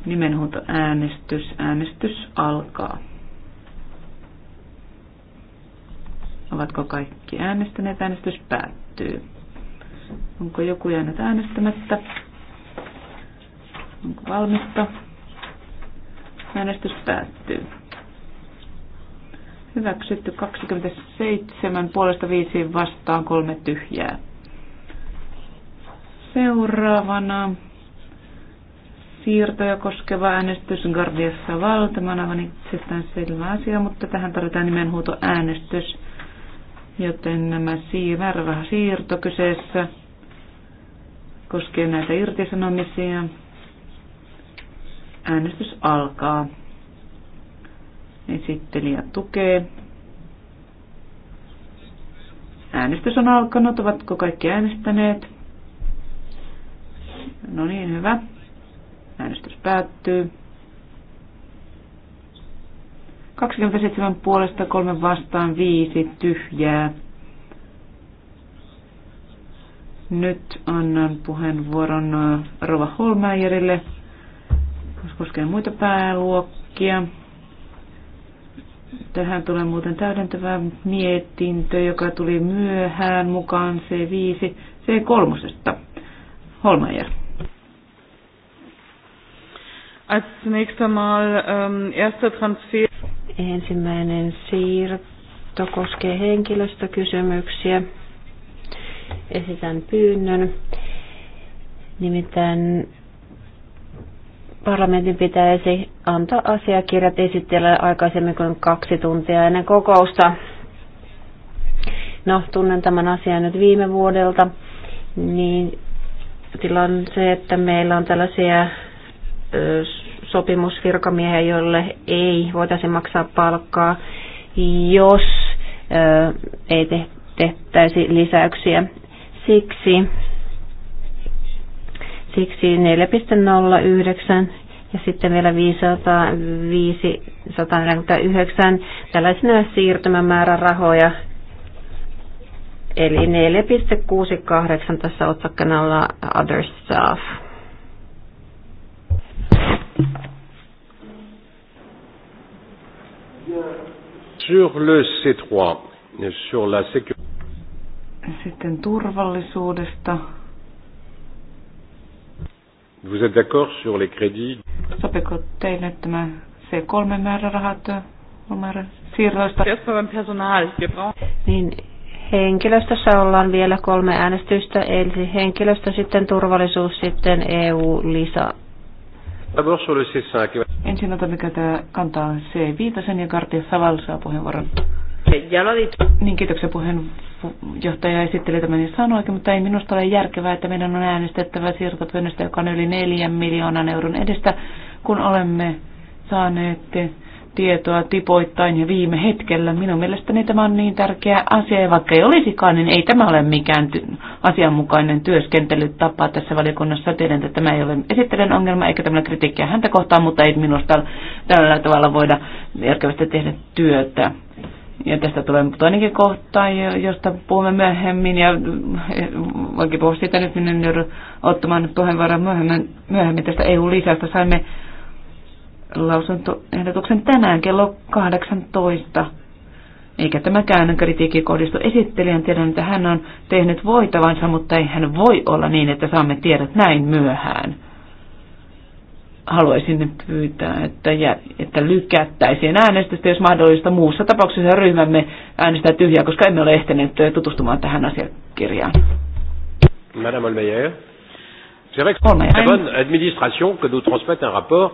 Nimenhuuto äänestys. Äänestys alkaa. Ovatko kaikki äänestäneet? Äänestys päättyy. Onko joku jäänyt äänestämättä? Onko valmista? Äänestys päättyy. Hyväksytty 27, puolesta 5 vastaan, kolme tyhjää. Seuraavana siirtoja koskeva äänestys Gardiassa valtamana, on itsestään selvä asia, mutta tähän tarvitaan nimenhuuto äänestys joten nämä siirto kyseessä koskee näitä irtisanomisia. Äänestys alkaa. Esittelijä tukee. Äänestys on alkanut. Ovatko kaikki äänestäneet? No niin, hyvä. Äänestys päättyy. 27 puolesta, kolme vastaan, viisi tyhjää. Nyt annan puheenvuoron äh, Rova Holmäjärille, koskee muita pääluokkia. Tähän tulee muuten täydentävä mietintö, joka tuli myöhään mukaan C5, C3. Holmeier. Als nächster Mal ähm, erster Transfer. Ensimmäinen siirto koskee henkilöstökysymyksiä. Esitän pyynnön. Nimittäin parlamentin pitäisi antaa asiakirjat esitellä aikaisemmin kuin kaksi tuntia ennen kokousta. No, tunnen tämän asian nyt viime vuodelta, niin tilanne se, että meillä on tällaisia sopimus virkamiehen, jolle ei voitaisi maksaa palkkaa, jos ei te, tehtäisi lisäyksiä. Siksi, siksi 4.09 ja sitten vielä 549 tällaisena siirtymämäärärahoja. Eli 4.68 tässä alla Other Stuff. Sur le C3, sur la Sitten turvallisuudesta. Vous êtes d'accord sur les crédits? Sopiko teille tämä C3-määrärahat siirroista? Niin henkilöstössä ollaan vielä kolme äänestystä, eli henkilöstö, sitten turvallisuus, sitten EU-lisa Ensin otamme kantaa c Viitasen ja Kartia Saval saa puheenvuoron. Niin, kiitoksia puheenjohtaja esitteli tämän ja sanoikin, mutta ei minusta ole järkevää, että meidän on äänestettävä siirtopyynnöstä, joka on yli 4 miljoonan euron edestä, kun olemme saaneet tietoa tipoittain ja viime hetkellä. Minun mielestäni tämä on niin tärkeä asia, ja vaikka ei olisikaan, niin ei tämä ole mikään ty- asianmukainen työskentelytapa tässä valiokunnassa. Tiedän, että tämä ei ole esittelen ongelma, eikä tämä kritiikkiä häntä kohtaan, mutta ei minusta tällä tavalla voida järkevästi tehdä työtä. Ja tästä tulee toinenkin kohta, josta puhumme myöhemmin, ja eh, voinkin puhua siitä nyt, minne ottamaan puheenvuoron myöhemmin, myöhemmin tästä EU-lisästä. Saimme lausuntoehdotuksen tänään kello 18. Eikä tämäkään kritiikki kohdistu esittelijän. Tiedän, että hän on tehnyt voitavansa, mutta ei hän voi olla niin, että saamme tiedot näin myöhään. Haluaisin nyt pyytää, että, jä, että lykättäisiin äänestystä, jos mahdollista. Muussa tapauksessa ryhmämme äänestää tyhjää, koska emme ole ehtineet tutustumaan tähän asiakirjaan. Madame Olmeyer, c'est une bonne administration que nous transmettons un rapport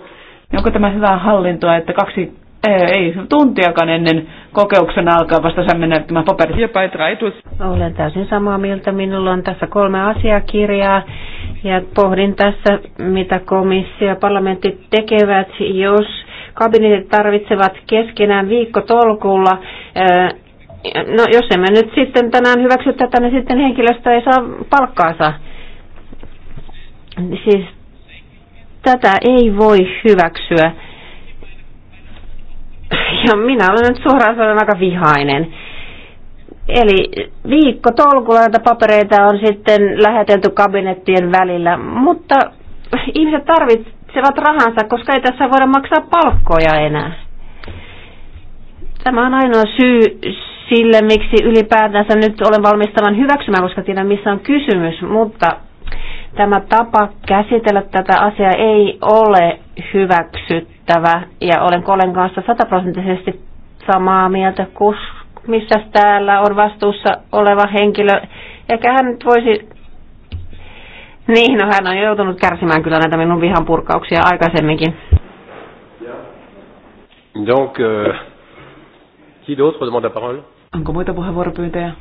Onko tämä hyvää hallintoa, että kaksi ei tuntiakaan ennen kokeuksen alkaa vasta sen mennä tämä paperi. Olen täysin samaa mieltä. Minulla on tässä kolme asiakirjaa ja pohdin tässä, mitä komissio ja parlamentti tekevät, jos kabinetit tarvitsevat keskenään viikkotolkulla eh, No jos emme nyt sitten tänään hyväksy tätä, niin sitten henkilöstö ei saa palkkaansa. Siis Tätä ei voi hyväksyä. Ja minä olen nyt suoraan sanoen aika vihainen. Eli viikko tolkulla näitä papereita on sitten lähetelty kabinettien välillä, mutta ihmiset tarvitsevat rahansa, koska ei tässä voida maksaa palkkoja enää. Tämä on ainoa syy sille, miksi ylipäätänsä nyt olen valmistavan hyväksymään, koska tiedän missä on kysymys, mutta Tämä tapa käsitellä tätä asiaa ei ole hyväksyttävä ja olen Kolen kanssa sataprosenttisesti samaa mieltä, kun missä täällä on vastuussa oleva henkilö. Ehkä hän nyt voisi... Niin, no hän on joutunut kärsimään kyllä näitä minun vihan purkauksia aikaisemminkin. Donc, euh, qui d'autre demande la parole Onko muita puheenvuoropyyntöjä?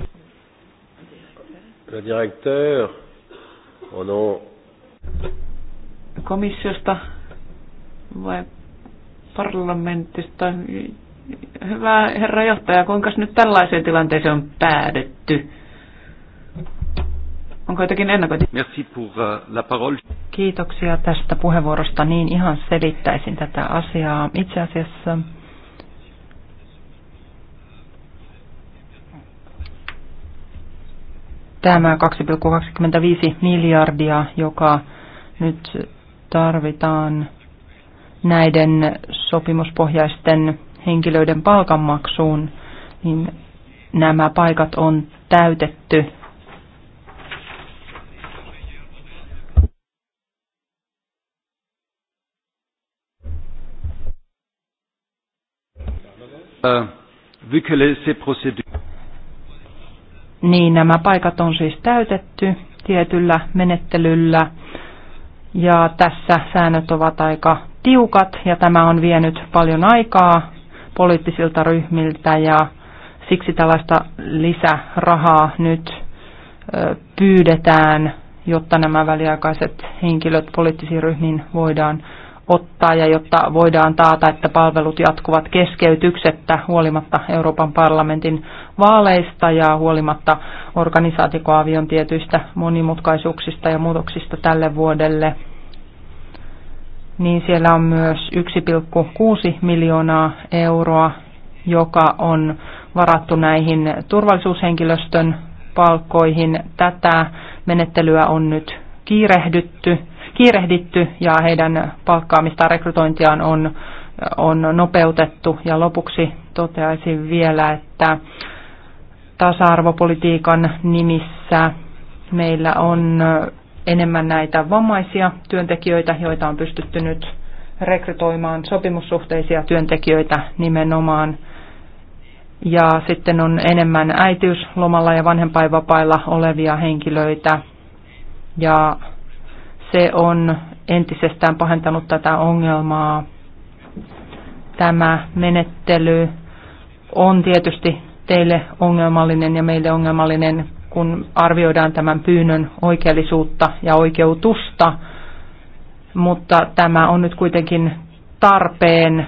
Le directeur. Ono... Komissiosta vai parlamentista? Hyvä herra johtaja, kuinka nyt tällaiseen tilanteeseen on päädytty? Onko jotakin ennakointi? Merci pour uh, la parole. Kiitoksia tästä puheenvuorosta. Niin ihan selittäisin tätä asiaa. Itse asiassa tämä 2,25 miljardia, joka nyt tarvitaan näiden sopimuspohjaisten henkilöiden palkanmaksuun, niin nämä paikat on täytetty. Vu äh, que les, ces procédures niin nämä paikat on siis täytetty tietyllä menettelyllä. Ja tässä säännöt ovat aika tiukat ja tämä on vienyt paljon aikaa poliittisilta ryhmiltä ja siksi tällaista lisärahaa nyt pyydetään, jotta nämä väliaikaiset henkilöt poliittisiin ryhmiin voidaan ottaa ja jotta voidaan taata, että palvelut jatkuvat keskeytyksettä huolimatta Euroopan parlamentin vaaleista ja huolimatta organisaatikoavion tietyistä monimutkaisuuksista ja muutoksista tälle vuodelle. Niin siellä on myös 1,6 miljoonaa euroa, joka on varattu näihin turvallisuushenkilöstön palkkoihin. Tätä menettelyä on nyt kiirehdytty kiirehditty ja heidän palkkaamista rekrytointiaan on, on nopeutettu. Ja lopuksi toteaisin vielä, että tasa-arvopolitiikan nimissä meillä on enemmän näitä vammaisia työntekijöitä, joita on pystytty nyt rekrytoimaan sopimussuhteisia työntekijöitä nimenomaan. Ja sitten on enemmän äitiyslomalla ja vanhempainvapailla olevia henkilöitä. Ja se on entisestään pahentanut tätä ongelmaa. Tämä menettely on tietysti teille ongelmallinen ja meille ongelmallinen, kun arvioidaan tämän pyynnön oikeellisuutta ja oikeutusta, mutta tämä on nyt kuitenkin tarpeen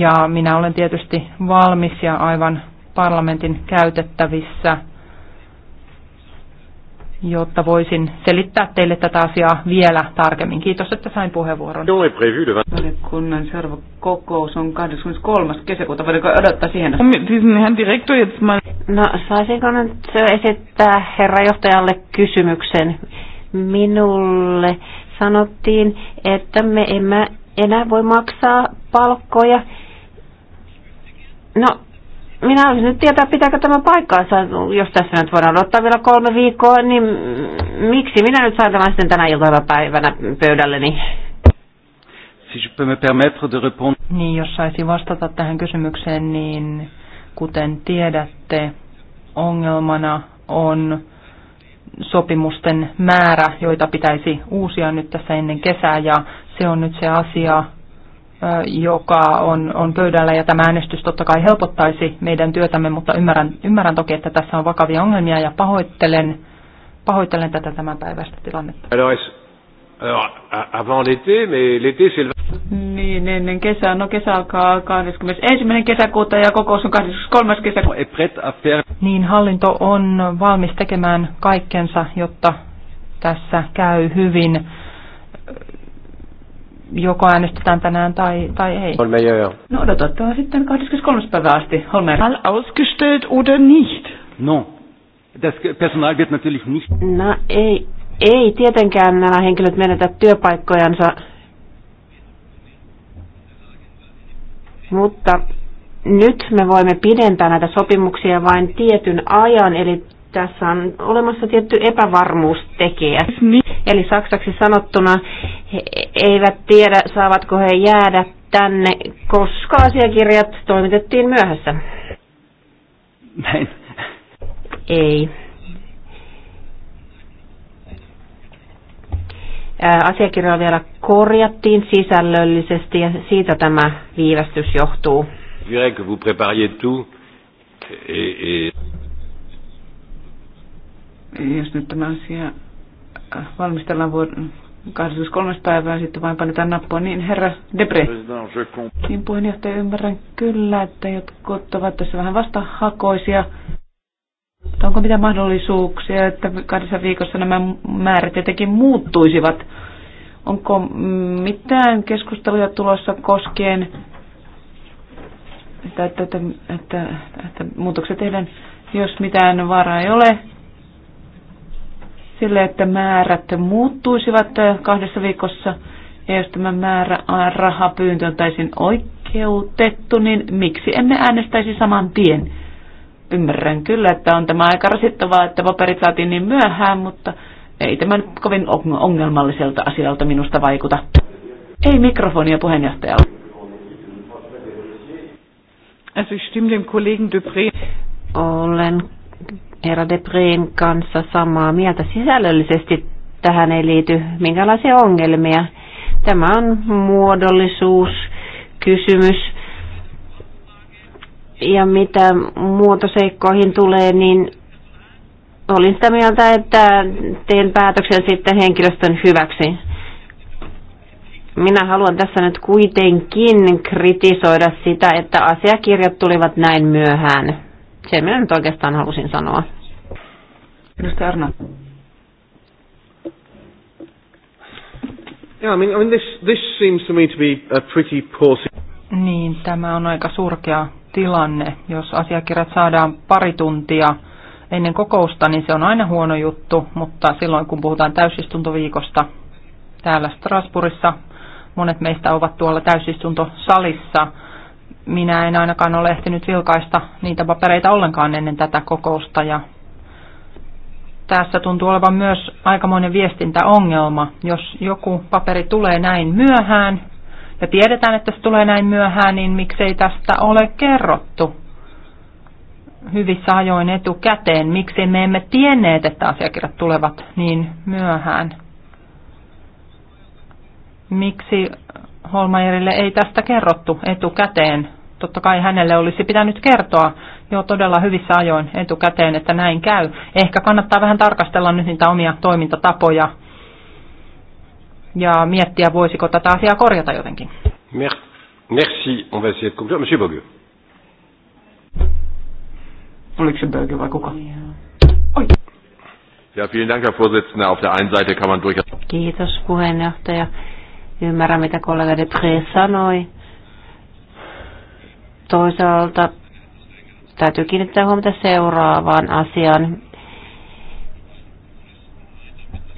ja minä olen tietysti valmis ja aivan parlamentin käytettävissä – jotta voisin selittää teille tätä asiaa vielä tarkemmin. Kiitos, että sain puheenvuoron. Valiokunnan seuraava kokous on 23. kesäkuuta. Voidaanko odottaa siihen? No, saisinko nyt esittää johtajalle kysymyksen? Minulle sanottiin, että me emme enää voi maksaa palkkoja. No, minä haluaisin nyt tietää, pitääkö tämä paikkaansa, jos tässä nyt voidaan odottaa vielä kolme viikkoa, niin miksi minä nyt saan tämän sitten tänä päivänä pöydälleni? Si je peux me permettre de répondre. Niin, jos saisi vastata tähän kysymykseen, niin kuten tiedätte, ongelmana on sopimusten määrä, joita pitäisi uusia nyt tässä ennen kesää, ja se on nyt se asia, joka on, on pöydällä ja tämä äänestys totta kai helpottaisi meidän työtämme, mutta ymmärrän, ymmärrän toki, että tässä on vakavia ongelmia ja pahoittelen, pahoittelen tätä tämän päivästä tilannetta. Niin, ennen kesää. No kesä alkaa 21. kesäkuuta ja kokous on 23. kesäkuuta. Niin, hallinto on valmis tekemään kaikkensa, jotta tässä käy hyvin joko äänestetään tänään tai, tai ei. me jo. jo. No odotetaan sitten 23. päivä asti. Holmer. Mal ausgestellt oder nicht? No. Das Personal wird natürlich nicht. No ei, ei tietenkään nämä henkilöt menetä työpaikkojansa, mutta nyt me voimme pidentää näitä sopimuksia vain tietyn ajan, eli tässä on olemassa tietty epävarmuustekijä. Eli saksaksi sanottuna he eivät tiedä, saavatko he jäädä tänne, koska asiakirjat toimitettiin myöhässä. Näin. Ei. Asiakirjoja vielä korjattiin sisällöllisesti ja siitä tämä viivästys johtuu jos nyt tämä asia äh, valmistellaan vuoden 23. päivää, sitten vain painetaan nappua, niin herra Debre. Niin puheenjohtaja, ymmärrän kyllä, että jotkut ovat tässä vähän vastahakoisia. onko mitä mahdollisuuksia, että kahdessa viikossa nämä määrät jotenkin muuttuisivat? Onko mitään keskusteluja tulossa koskien, että, että, että, että, että muutokset tehdään, jos mitään vaaraa ei ole? sille, että määrät muuttuisivat kahdessa viikossa. Ja jos tämä määrä rahapyyntö on täysin oikeutettu, niin miksi emme äänestäisi saman tien? Ymmärrän kyllä, että on tämä aika rasittavaa, että paperit saatiin niin myöhään, mutta ei tämä nyt kovin ongelmalliselta asialta minusta vaikuta. Ei mikrofonia puheenjohtajalle. Also ich stimme dem Kollegen Dupré. Olen herra Debreen kanssa samaa mieltä. Sisällöllisesti tähän ei liity minkälaisia ongelmia. Tämä on muodollisuuskysymys. Ja mitä muotoseikkoihin tulee, niin olin sitä mieltä, että teen päätöksen sitten henkilöstön hyväksi. Minä haluan tässä nyt kuitenkin kritisoida sitä, että asiakirjat tulivat näin myöhään. Se minä nyt oikeastaan halusin sanoa. Edustaja Arna. Yeah, I mean, I mean this, this seems to me to be a pretty poor... Niin, tämä on aika surkea tilanne. Jos asiakirjat saadaan pari tuntia ennen kokousta, niin se on aina huono juttu, mutta silloin kun puhutaan täysistuntoviikosta täällä Strasbourgissa, monet meistä ovat tuolla täysistuntosalissa, minä en ainakaan ole ehtinyt vilkaista niitä papereita ollenkaan ennen tätä kokousta ja tässä tuntuu olevan myös aikamoinen viestintäongelma. Jos joku paperi tulee näin myöhään ja tiedetään, että se tulee näin myöhään, niin miksei tästä ole kerrottu hyvissä ajoin etukäteen? Miksi me emme tienneet, että asiakirjat tulevat niin myöhään? Miksi Holmajerille ei tästä kerrottu etukäteen. Totta kai hänelle olisi pitänyt kertoa jo todella hyvissä ajoin etukäteen, että näin käy. Ehkä kannattaa vähän tarkastella nyt niitä omia toimintatapoja ja miettiä, voisiko tätä asiaa korjata jotenkin. Merci. On va essayer de conclure. Monsieur Bogue. Oliko se Böge vai kuka? Oi. Ja, vielen Dank, Herr Vorsitzender. Auf der einen Seite kann man durchaus... Kiitos, puheenjohtaja. Ymmärrän, mitä kollega Pré sanoi. Toisaalta täytyy kiinnittää huomiota seuraavaan asiaan.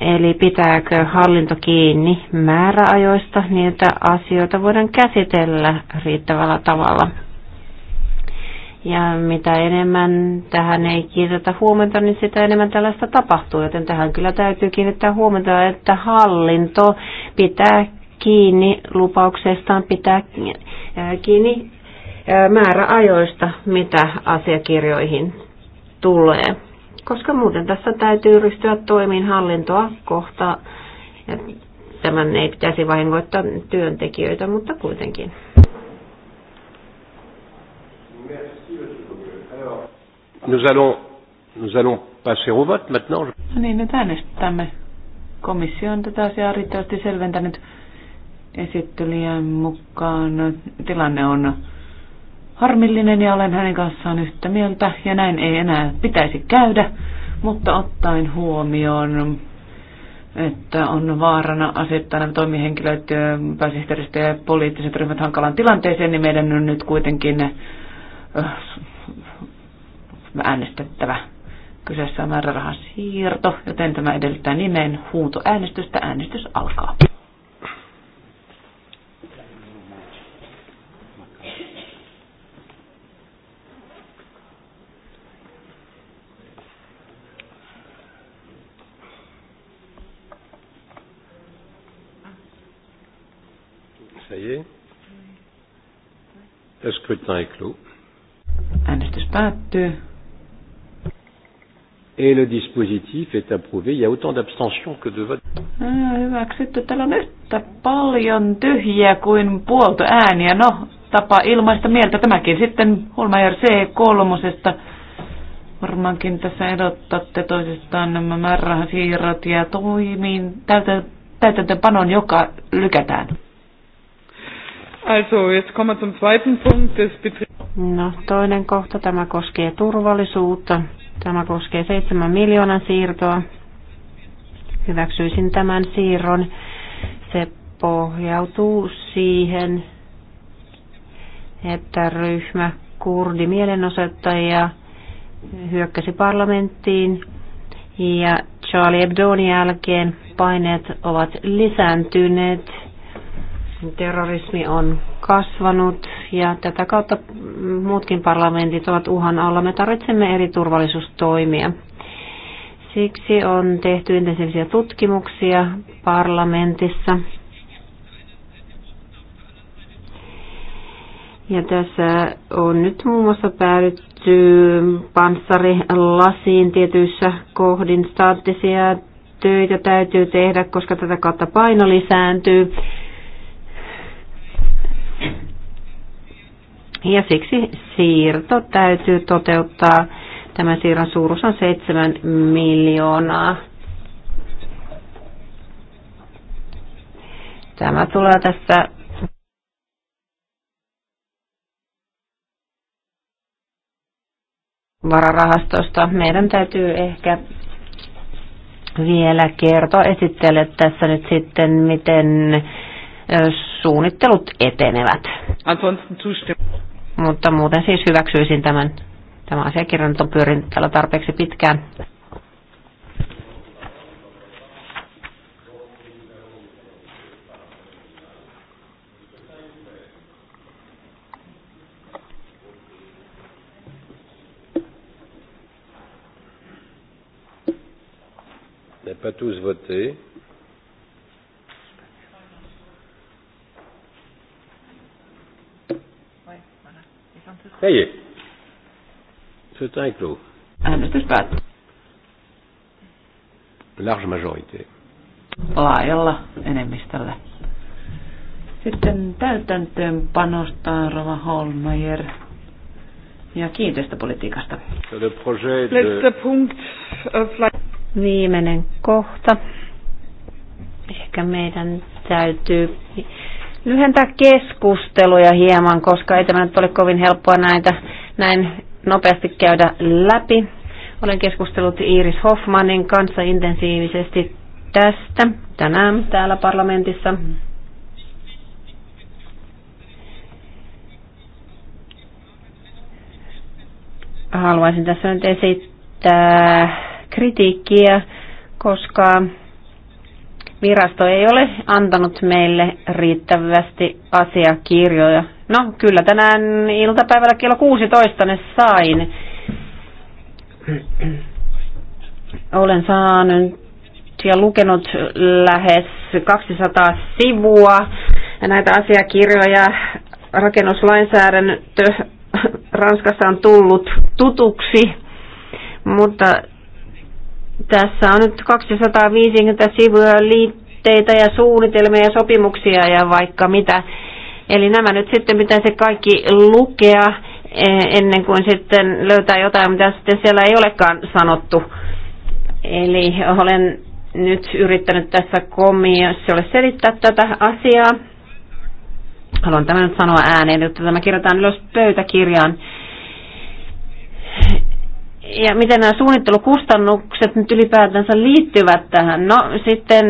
Eli pitääkö hallinto kiinni määräajoista niin, että asioita voidaan käsitellä riittävällä tavalla. Ja mitä enemmän tähän ei kiinnitetä huomenta, niin sitä enemmän tällaista tapahtuu, joten tähän kyllä täytyy kiinnittää huomenta, että hallinto pitää kiinni lupauksestaan, pitää kiinni määräajoista, mitä asiakirjoihin tulee. Koska muuten tässä täytyy ryhtyä toimiin hallintoa kohta. Tämän ei pitäisi vahingoittaa työntekijöitä, mutta kuitenkin. Nous allons, nous allons passer au vote maintenant. No niin, nyt äänestämme. Komissio on tätä asiaa riittävästi selventänyt esittelijän mukaan tilanne on harmillinen ja olen hänen kanssaan yhtä mieltä ja näin ei enää pitäisi käydä, mutta ottaen huomioon, että on vaarana asettaa nämä toimihenkilöt, pääsihteeristö ja poliittiset ryhmät hankalaan tilanteeseen, niin meidän on nyt kuitenkin äh, äänestettävä. Kyseessä on määrärahasiirto, joten tämä edellyttää nimen huutoäänestystä. Äänestys alkaa. Ça y est. Le scrutin est clos. Äänestys päättyy. Et le dispositif est approuvé. Il y a autant d'abstentions que de votes. Ah, hyväksytty. Täällä on yhtä paljon tyhjiä kuin puolto ääniä. No, tapa ilmaista mieltä tämäkin. Sitten Holmajer C3. Varmaankin tässä edottatte toisistaan nämä määrärahasiirrot ja toimiin täytäntöönpanon, joka lykätään. Also, jetzt kommen wir zum zweiten Punkt. Das no, toinen kohta, tämä koskee turvallisuutta. Tämä koskee 7 miljoonan siirtoa. Hyväksyisin tämän siirron. Se pohjautuu siihen, että ryhmä kurdi mielenosoittajia hyökkäsi parlamenttiin ja Charlie Hebdon jälkeen paineet ovat lisääntyneet Terrorismi on kasvanut ja tätä kautta muutkin parlamentit ovat uhan alla. Me tarvitsemme eri turvallisuustoimia. Siksi on tehty intensiivisiä tutkimuksia parlamentissa. Ja tässä on nyt muun muassa päädytty panssarilasiin tietyissä kohdin staattisia töitä täytyy tehdä, koska tätä kautta paino lisääntyy. Ja siksi siirto täytyy toteuttaa. Tämän siirron suuruus on 7 miljoonaa. Tämä tulee tässä vararahastosta. Meidän täytyy ehkä vielä kertoa, esittele tässä nyt sitten, miten suunnittelut etenevät. Mutta muuten siis hyväksyisin tämän, tämän asiakirjan, että on pyörinyt täällä tarpeeksi pitkään. pas tous voter. Hej! Scrutin est clos. Äänestys ah, päättyy. Large majorité. Laajalla enemmistöllä. Sitten täytäntöönpanosta Rova Holmeier ja kiinteistöpolitiikasta. Le projet de... punkt. Äh, Viimeinen kohta. Ehkä meidän täytyy lyhentää keskusteluja hieman, koska ei tämä nyt ole kovin helppoa näitä näin nopeasti käydä läpi. Olen keskustellut Iiris Hoffmanin kanssa intensiivisesti tästä tänään täällä parlamentissa. Haluaisin tässä nyt esittää kritiikkiä, koska virasto ei ole antanut meille riittävästi asiakirjoja. No kyllä tänään iltapäivällä kello 16 ne sain. Olen saanut ja lukenut lähes 200 sivua ja näitä asiakirjoja. Rakennuslainsäädäntö Ranskassa on tullut tutuksi, mutta tässä on nyt 250 sivua liitteitä ja suunnitelmia ja sopimuksia ja vaikka mitä. Eli nämä nyt sitten pitäisi kaikki lukea e, ennen kuin sitten löytää jotain, mitä sitten siellä ei olekaan sanottu. Eli olen nyt yrittänyt tässä komissiolle selittää tätä asiaa. Haluan tämän nyt sanoa ääneen, että tämä kirjataan ylös pöytäkirjaan ja miten nämä suunnittelukustannukset nyt ylipäätänsä liittyvät tähän? No sitten,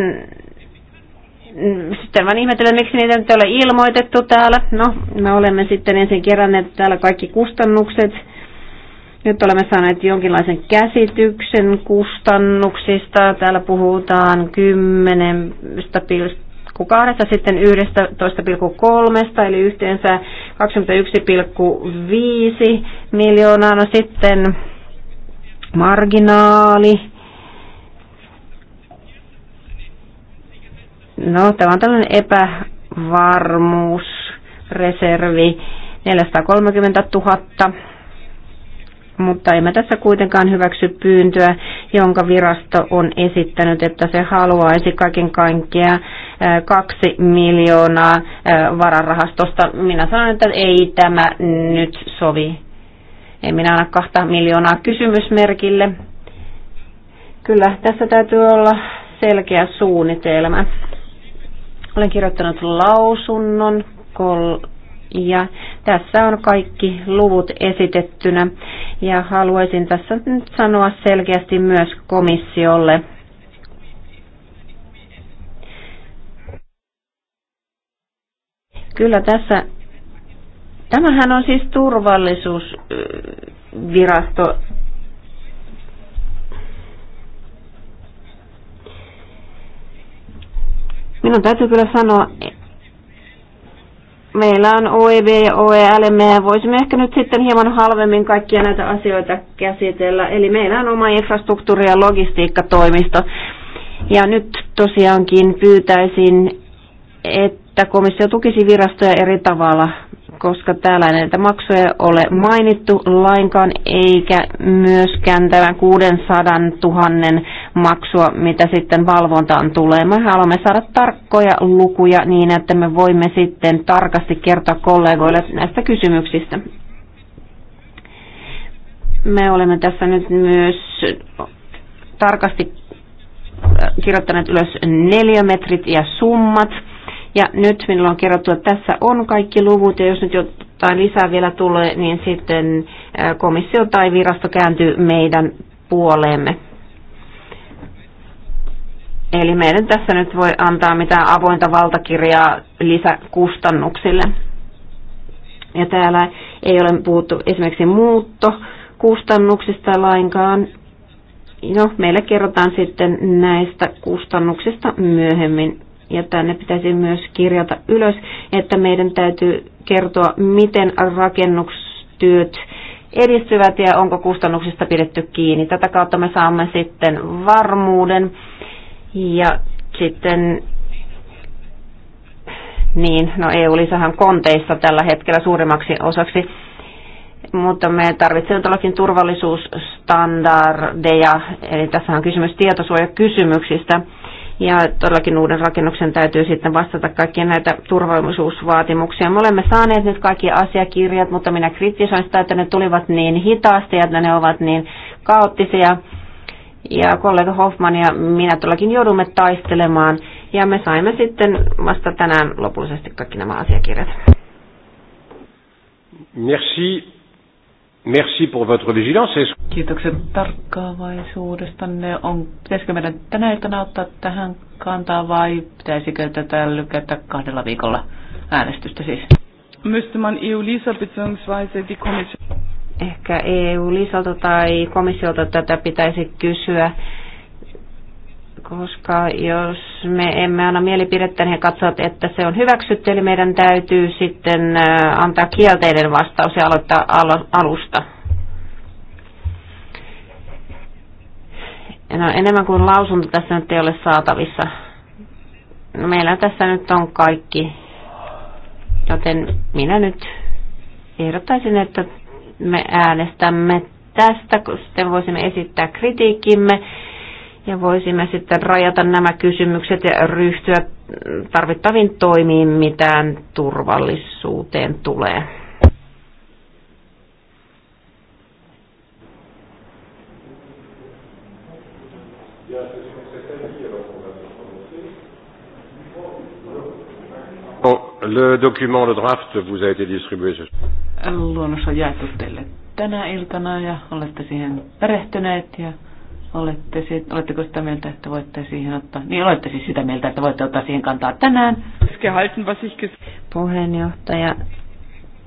sitten vaan ihmettelen, miksi niitä nyt ei ole ilmoitettu täällä. No, me olemme sitten ensin keränneet täällä kaikki kustannukset. Nyt olemme saaneet jonkinlaisen käsityksen kustannuksista. Täällä puhutaan 10,2 kahdesta sitten 11,3 eli yhteensä 21,5 miljoonaa. No sitten marginaali. No, tämä on tällainen epävarmuusreservi, 430 000, mutta emme tässä kuitenkaan hyväksy pyyntöä, jonka virasto on esittänyt, että se haluaisi kaiken kaikkiaan kaksi miljoonaa vararahastosta. Minä sanon, että ei tämä nyt sovi en minä anna kahta miljoonaa kysymysmerkille. Kyllä, tässä täytyy olla selkeä suunnitelma. Olen kirjoittanut lausunnon kol- ja tässä on kaikki luvut esitettynä ja haluaisin tässä nyt sanoa selkeästi myös komissiolle. Kyllä tässä Tämähän on siis turvallisuusvirasto. Minun täytyy kyllä sanoa, meillä on OEB ja OEL, me voisimme ehkä nyt sitten hieman halvemmin kaikkia näitä asioita käsitellä. Eli meillä on oma infrastruktuuri- ja logistiikkatoimisto. Ja nyt tosiaankin pyytäisin, että komissio tukisi virastoja eri tavalla koska täällä ei näitä maksuja ole mainittu lainkaan, eikä myöskään tämän 600 000 maksua, mitä sitten valvontaan tulee. Me haluamme saada tarkkoja lukuja niin, että me voimme sitten tarkasti kertoa kollegoille näistä kysymyksistä. Me olemme tässä nyt myös tarkasti kirjoittaneet ylös neliömetrit ja summat ja nyt minulla on kerrottu, että tässä on kaikki luvut, ja jos nyt jotain lisää vielä tulee, niin sitten komissio tai virasto kääntyy meidän puoleemme. Eli meidän tässä nyt voi antaa mitään avointa valtakirjaa lisäkustannuksille. Ja täällä ei ole puhuttu esimerkiksi muuttokustannuksista lainkaan. No, meille kerrotaan sitten näistä kustannuksista myöhemmin ja tänne pitäisi myös kirjata ylös, että meidän täytyy kertoa, miten rakennustyöt edistyvät ja onko kustannuksista pidetty kiinni. Tätä kautta me saamme sitten varmuuden ja sitten niin, no EU-lisähän konteissa tällä hetkellä suurimmaksi osaksi, mutta me tarvitsemme todellakin turvallisuusstandardeja, eli tässä on kysymys tietosuojakysymyksistä ja todellakin uuden rakennuksen täytyy sitten vastata kaikkia näitä turvallisuusvaatimuksia. Me olemme saaneet nyt kaikki asiakirjat, mutta minä kritisoin sitä, että ne tulivat niin hitaasti ja että ne ovat niin kaoottisia. Ja kollega Hoffman ja minä todellakin joudumme taistelemaan ja me saimme sitten vasta tänään lopullisesti kaikki nämä asiakirjat. Merci. Merci pour votre vigilance. Kiitokset tarkkaavaisuudestanne. On, pitäisikö meidän tänä iltana ottaa tähän kantaa vai pitäisikö tätä lykätä kahdella viikolla äänestystä siis? Müsste man EU-LISA bzw. die Kommission... Ehkä EU-LISalta tai komissiolta tätä pitäisi kysyä koska jos me emme anna mielipidettä, niin he katsovat, että se on hyväksytty, eli meidän täytyy sitten antaa kielteinen vastaus ja aloittaa alusta. No, enemmän kuin lausunto tässä nyt ei ole saatavissa. No, meillä tässä nyt on kaikki, joten minä nyt ehdottaisin, että me äänestämme tästä, kun sitten voisimme esittää kritiikkimme ja voisimme sitten rajata nämä kysymykset ja ryhtyä tarvittaviin toimiin, mitään turvallisuuteen tulee. Le document, le draft vous a été distribué Luonnos on jaettu teille tänä iltana ja olette siihen perehtyneet ja Olette, oletteko sitä mieltä, että voitte siihen ottaa? Niin olette siis sitä mieltä, että voitte ottaa siihen kantaa tänään. Puheenjohtaja,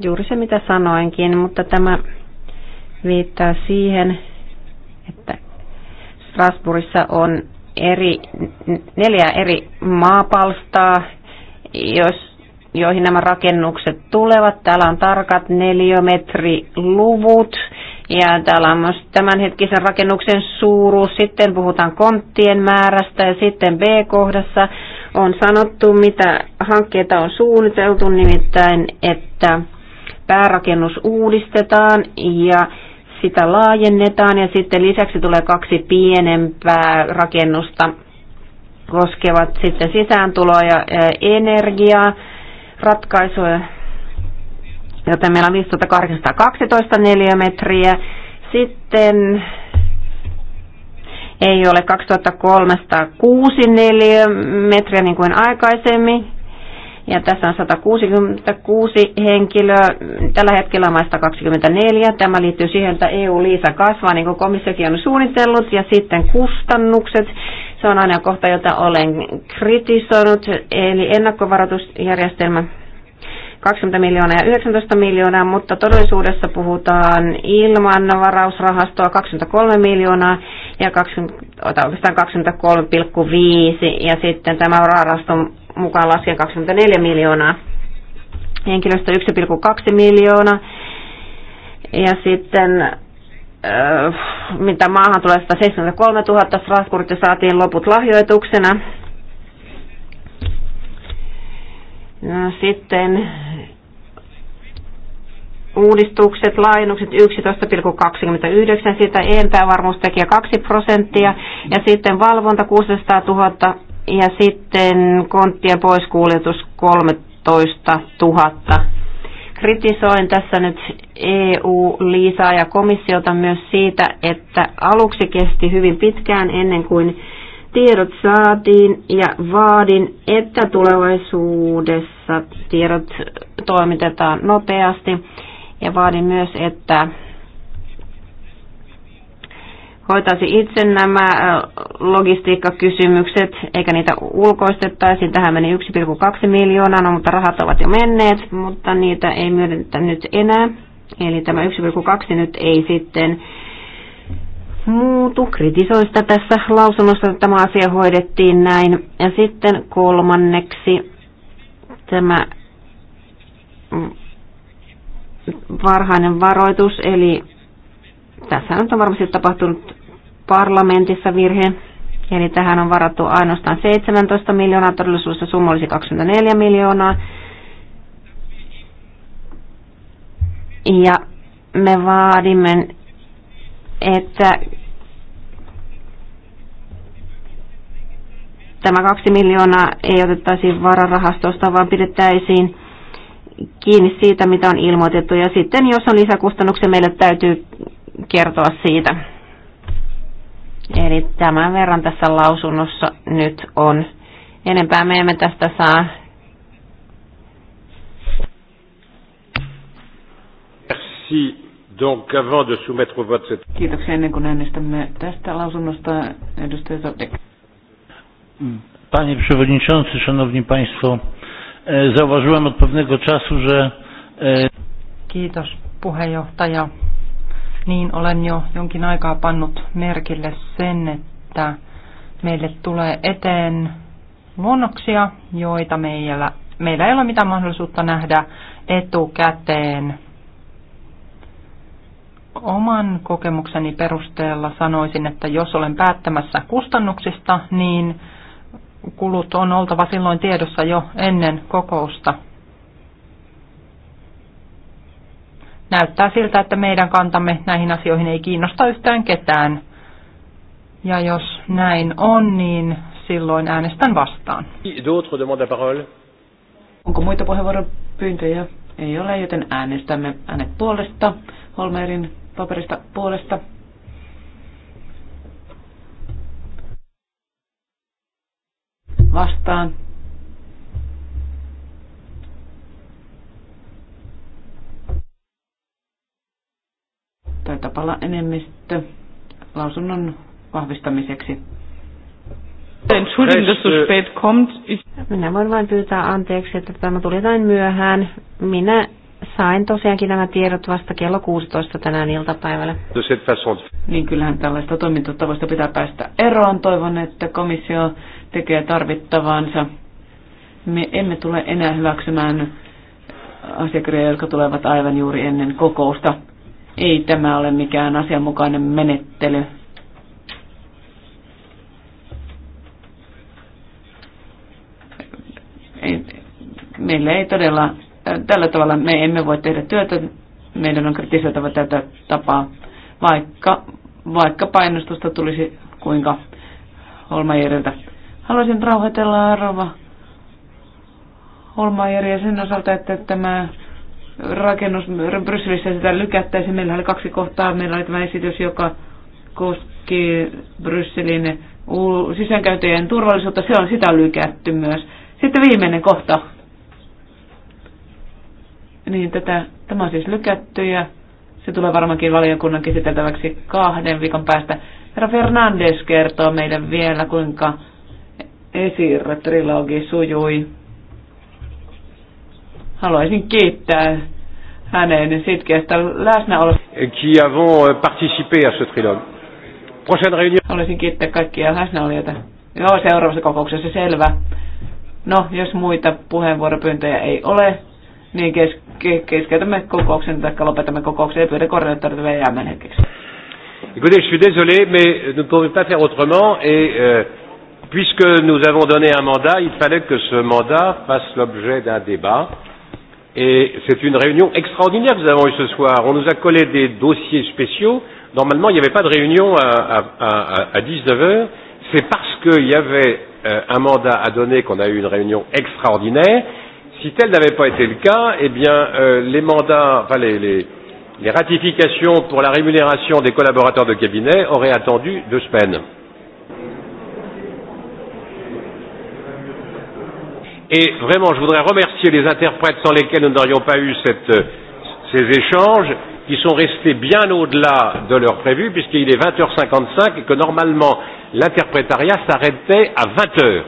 juuri se mitä sanoinkin, mutta tämä viittaa siihen, että Strasbourgissa on eri, neljä eri maapalstaa, jos, joihin nämä rakennukset tulevat. Täällä on tarkat neliömetriluvut ja täällä on myös tämänhetkisen rakennuksen suuruus, sitten puhutaan konttien määrästä ja sitten B-kohdassa on sanottu, mitä hankkeita on suunniteltu, nimittäin, että päärakennus uudistetaan ja sitä laajennetaan ja sitten lisäksi tulee kaksi pienempää rakennusta koskevat sitten sisääntuloa ja energiaa, ratkaisuja joten meillä on 5812 neliömetriä. Sitten ei ole 2306 neliömetriä niin kuin aikaisemmin. Ja tässä on 166 henkilöä, tällä hetkellä on 124. Tämä liittyy siihen, että EU-liisa kasvaa, niin kuin komissiokin on suunnitellut. Ja sitten kustannukset, se on aina kohta, jota olen kritisoinut, eli ennakkovaroitusjärjestelmä 20 miljoonaa ja 19 miljoonaa, mutta todellisuudessa puhutaan ilman varausrahastoa 23 miljoonaa ja 20, oikeastaan 23,5 ja sitten tämä vararahaston mukaan laskien 24 miljoonaa. Henkilöstö 1,2 miljoonaa ja sitten äh, mitä maahan tulee 173 000, Strasbourgissa saatiin loput lahjoituksena, Sitten uudistukset, laajennukset 11,29, siitä epävarmuustekijä 2 prosenttia ja sitten valvonta 600 000 ja sitten konttien poiskuljetus 13 000. Kritisoin tässä nyt EU-liisaa ja komissiota myös siitä, että aluksi kesti hyvin pitkään ennen kuin tiedot saatiin ja vaadin, että tulevaisuudessa tiedot toimitetaan nopeasti ja vaadin myös, että hoitaisi itse nämä logistiikkakysymykset, eikä niitä ulkoistettaisi. Tähän meni 1,2 miljoonaa, no, mutta rahat ovat jo menneet, mutta niitä ei myönnetä nyt enää. Eli tämä 1,2 nyt ei sitten muutu. Kritisoi sitä tässä lausunnossa, että tämä asia hoidettiin näin. Ja sitten kolmanneksi tämä mm, varhainen varoitus, eli tässä on varmasti tapahtunut parlamentissa virhe, eli tähän on varattu ainoastaan 17 miljoonaa, todellisuudessa summa olisi 24 miljoonaa. Ja me vaadimme että tämä kaksi miljoonaa ei otettaisi vararahastosta, vaan pidettäisiin kiinni siitä, mitä on ilmoitettu. Ja sitten, jos on lisäkustannuksia, meille täytyy kertoa siitä. Eli tämän verran tässä lausunnossa nyt on. Enempää me emme tästä saa. Merci. Donc avant de soumettre au vote cette... Kiitoksia ennen kuin äänestämme tästä lausunnosta, edustaja Zodek. Mm. Panie Przewodniczący, Szanowni Państwo, e, zauważyłem od pewnego czasu, że... E, Kiitos puheenjohtaja. Niin olen jo jonkin aikaa pannut merkille sen, että meille tulee eteen luonnoksia, joita meillä, meillä ei ole mitään mahdollisuutta nähdä etukäteen oman kokemukseni perusteella sanoisin, että jos olen päättämässä kustannuksista, niin kulut on oltava silloin tiedossa jo ennen kokousta. Näyttää siltä, että meidän kantamme näihin asioihin ei kiinnosta yhtään ketään. Ja jos näin on, niin silloin äänestän vastaan. Onko muita puheenvuoropyyntöjä? Ei ole, joten äänestämme äänet puolesta. Holmerin paperista puolesta. Vastaan. Taitapalla enemmistö lausunnon vahvistamiseksi. Äh, Minä voin vain pyytää anteeksi, että tämä tuli jotain myöhään. Minä Sain tosiaankin nämä tiedot vasta kello 16 tänään iltapäivällä. Niin kyllähän tällaista toimintatavoista pitää päästä eroon. Toivon, että komissio tekee tarvittavansa. Me emme tule enää hyväksymään asiakirjoja, jotka tulevat aivan juuri ennen kokousta. Ei tämä ole mikään asianmukainen menettely. meillä ei todella Tällä tavalla me emme voi tehdä työtä, meidän on kritisoitava tätä tapaa, vaikka, vaikka painostusta tulisi kuinka Holmajeriltä. Haluaisin rauhoitella Arva Holmajeriä sen osalta, että tämä rakennus Brysselissä sitä lykättäisiin. Meillä oli kaksi kohtaa. Meillä oli tämä esitys, joka koski Brysselin sisäänkäytöjen turvallisuutta. Se on sitä lykätty myös. Sitten viimeinen kohta niin, tätä, tämä on siis lykätty ja se tulee varmaankin valiokunnan käsiteltäväksi kahden viikon päästä. Herra Fernandes kertoo meille vielä, kuinka esirrotrilogi sujui. Haluaisin kiittää hänen sitkeästä läsnäolosta. Qui avons euh, participé à ce trilogue. Prochaine réunion. Haluaisin kiittää kaikkia läsnäolijoita. Joo, seuraavassa kokouksessa selvä. No, jos muita puheenvuoropyyntöjä ei ole, niin kes, ke, keskeytämme kokouksen tai lopetamme kokouksen ja pyydän koordinaattorille jäämään hetkeksi. Écoutez, je suis désolé, mais nous ne pouvons pas faire autrement et euh, puisque nous avons donné un mandat, il fallait que ce mandat fasse l'objet d'un débat. Et c'est une réunion extraordinaire que nous avons eue ce soir. On nous a collé des dossiers spéciaux. Normalement, il n'y avait pas de réunion à, à, à, à 19 heures. C'est parce qu'il y avait euh, un mandat à donner qu'on a eu une réunion extraordinaire Si tel n'avait pas été le cas, eh bien, euh, les mandats, enfin, les, les, les ratifications pour la rémunération des collaborateurs de cabinet auraient attendu deux semaines. Et vraiment, je voudrais remercier les interprètes sans lesquels nous n'aurions pas eu cette, euh, ces échanges, qui sont restés bien au-delà de l'heure prévue, puisqu'il est 20h55 et que normalement l'interprétariat s'arrêtait à 20h.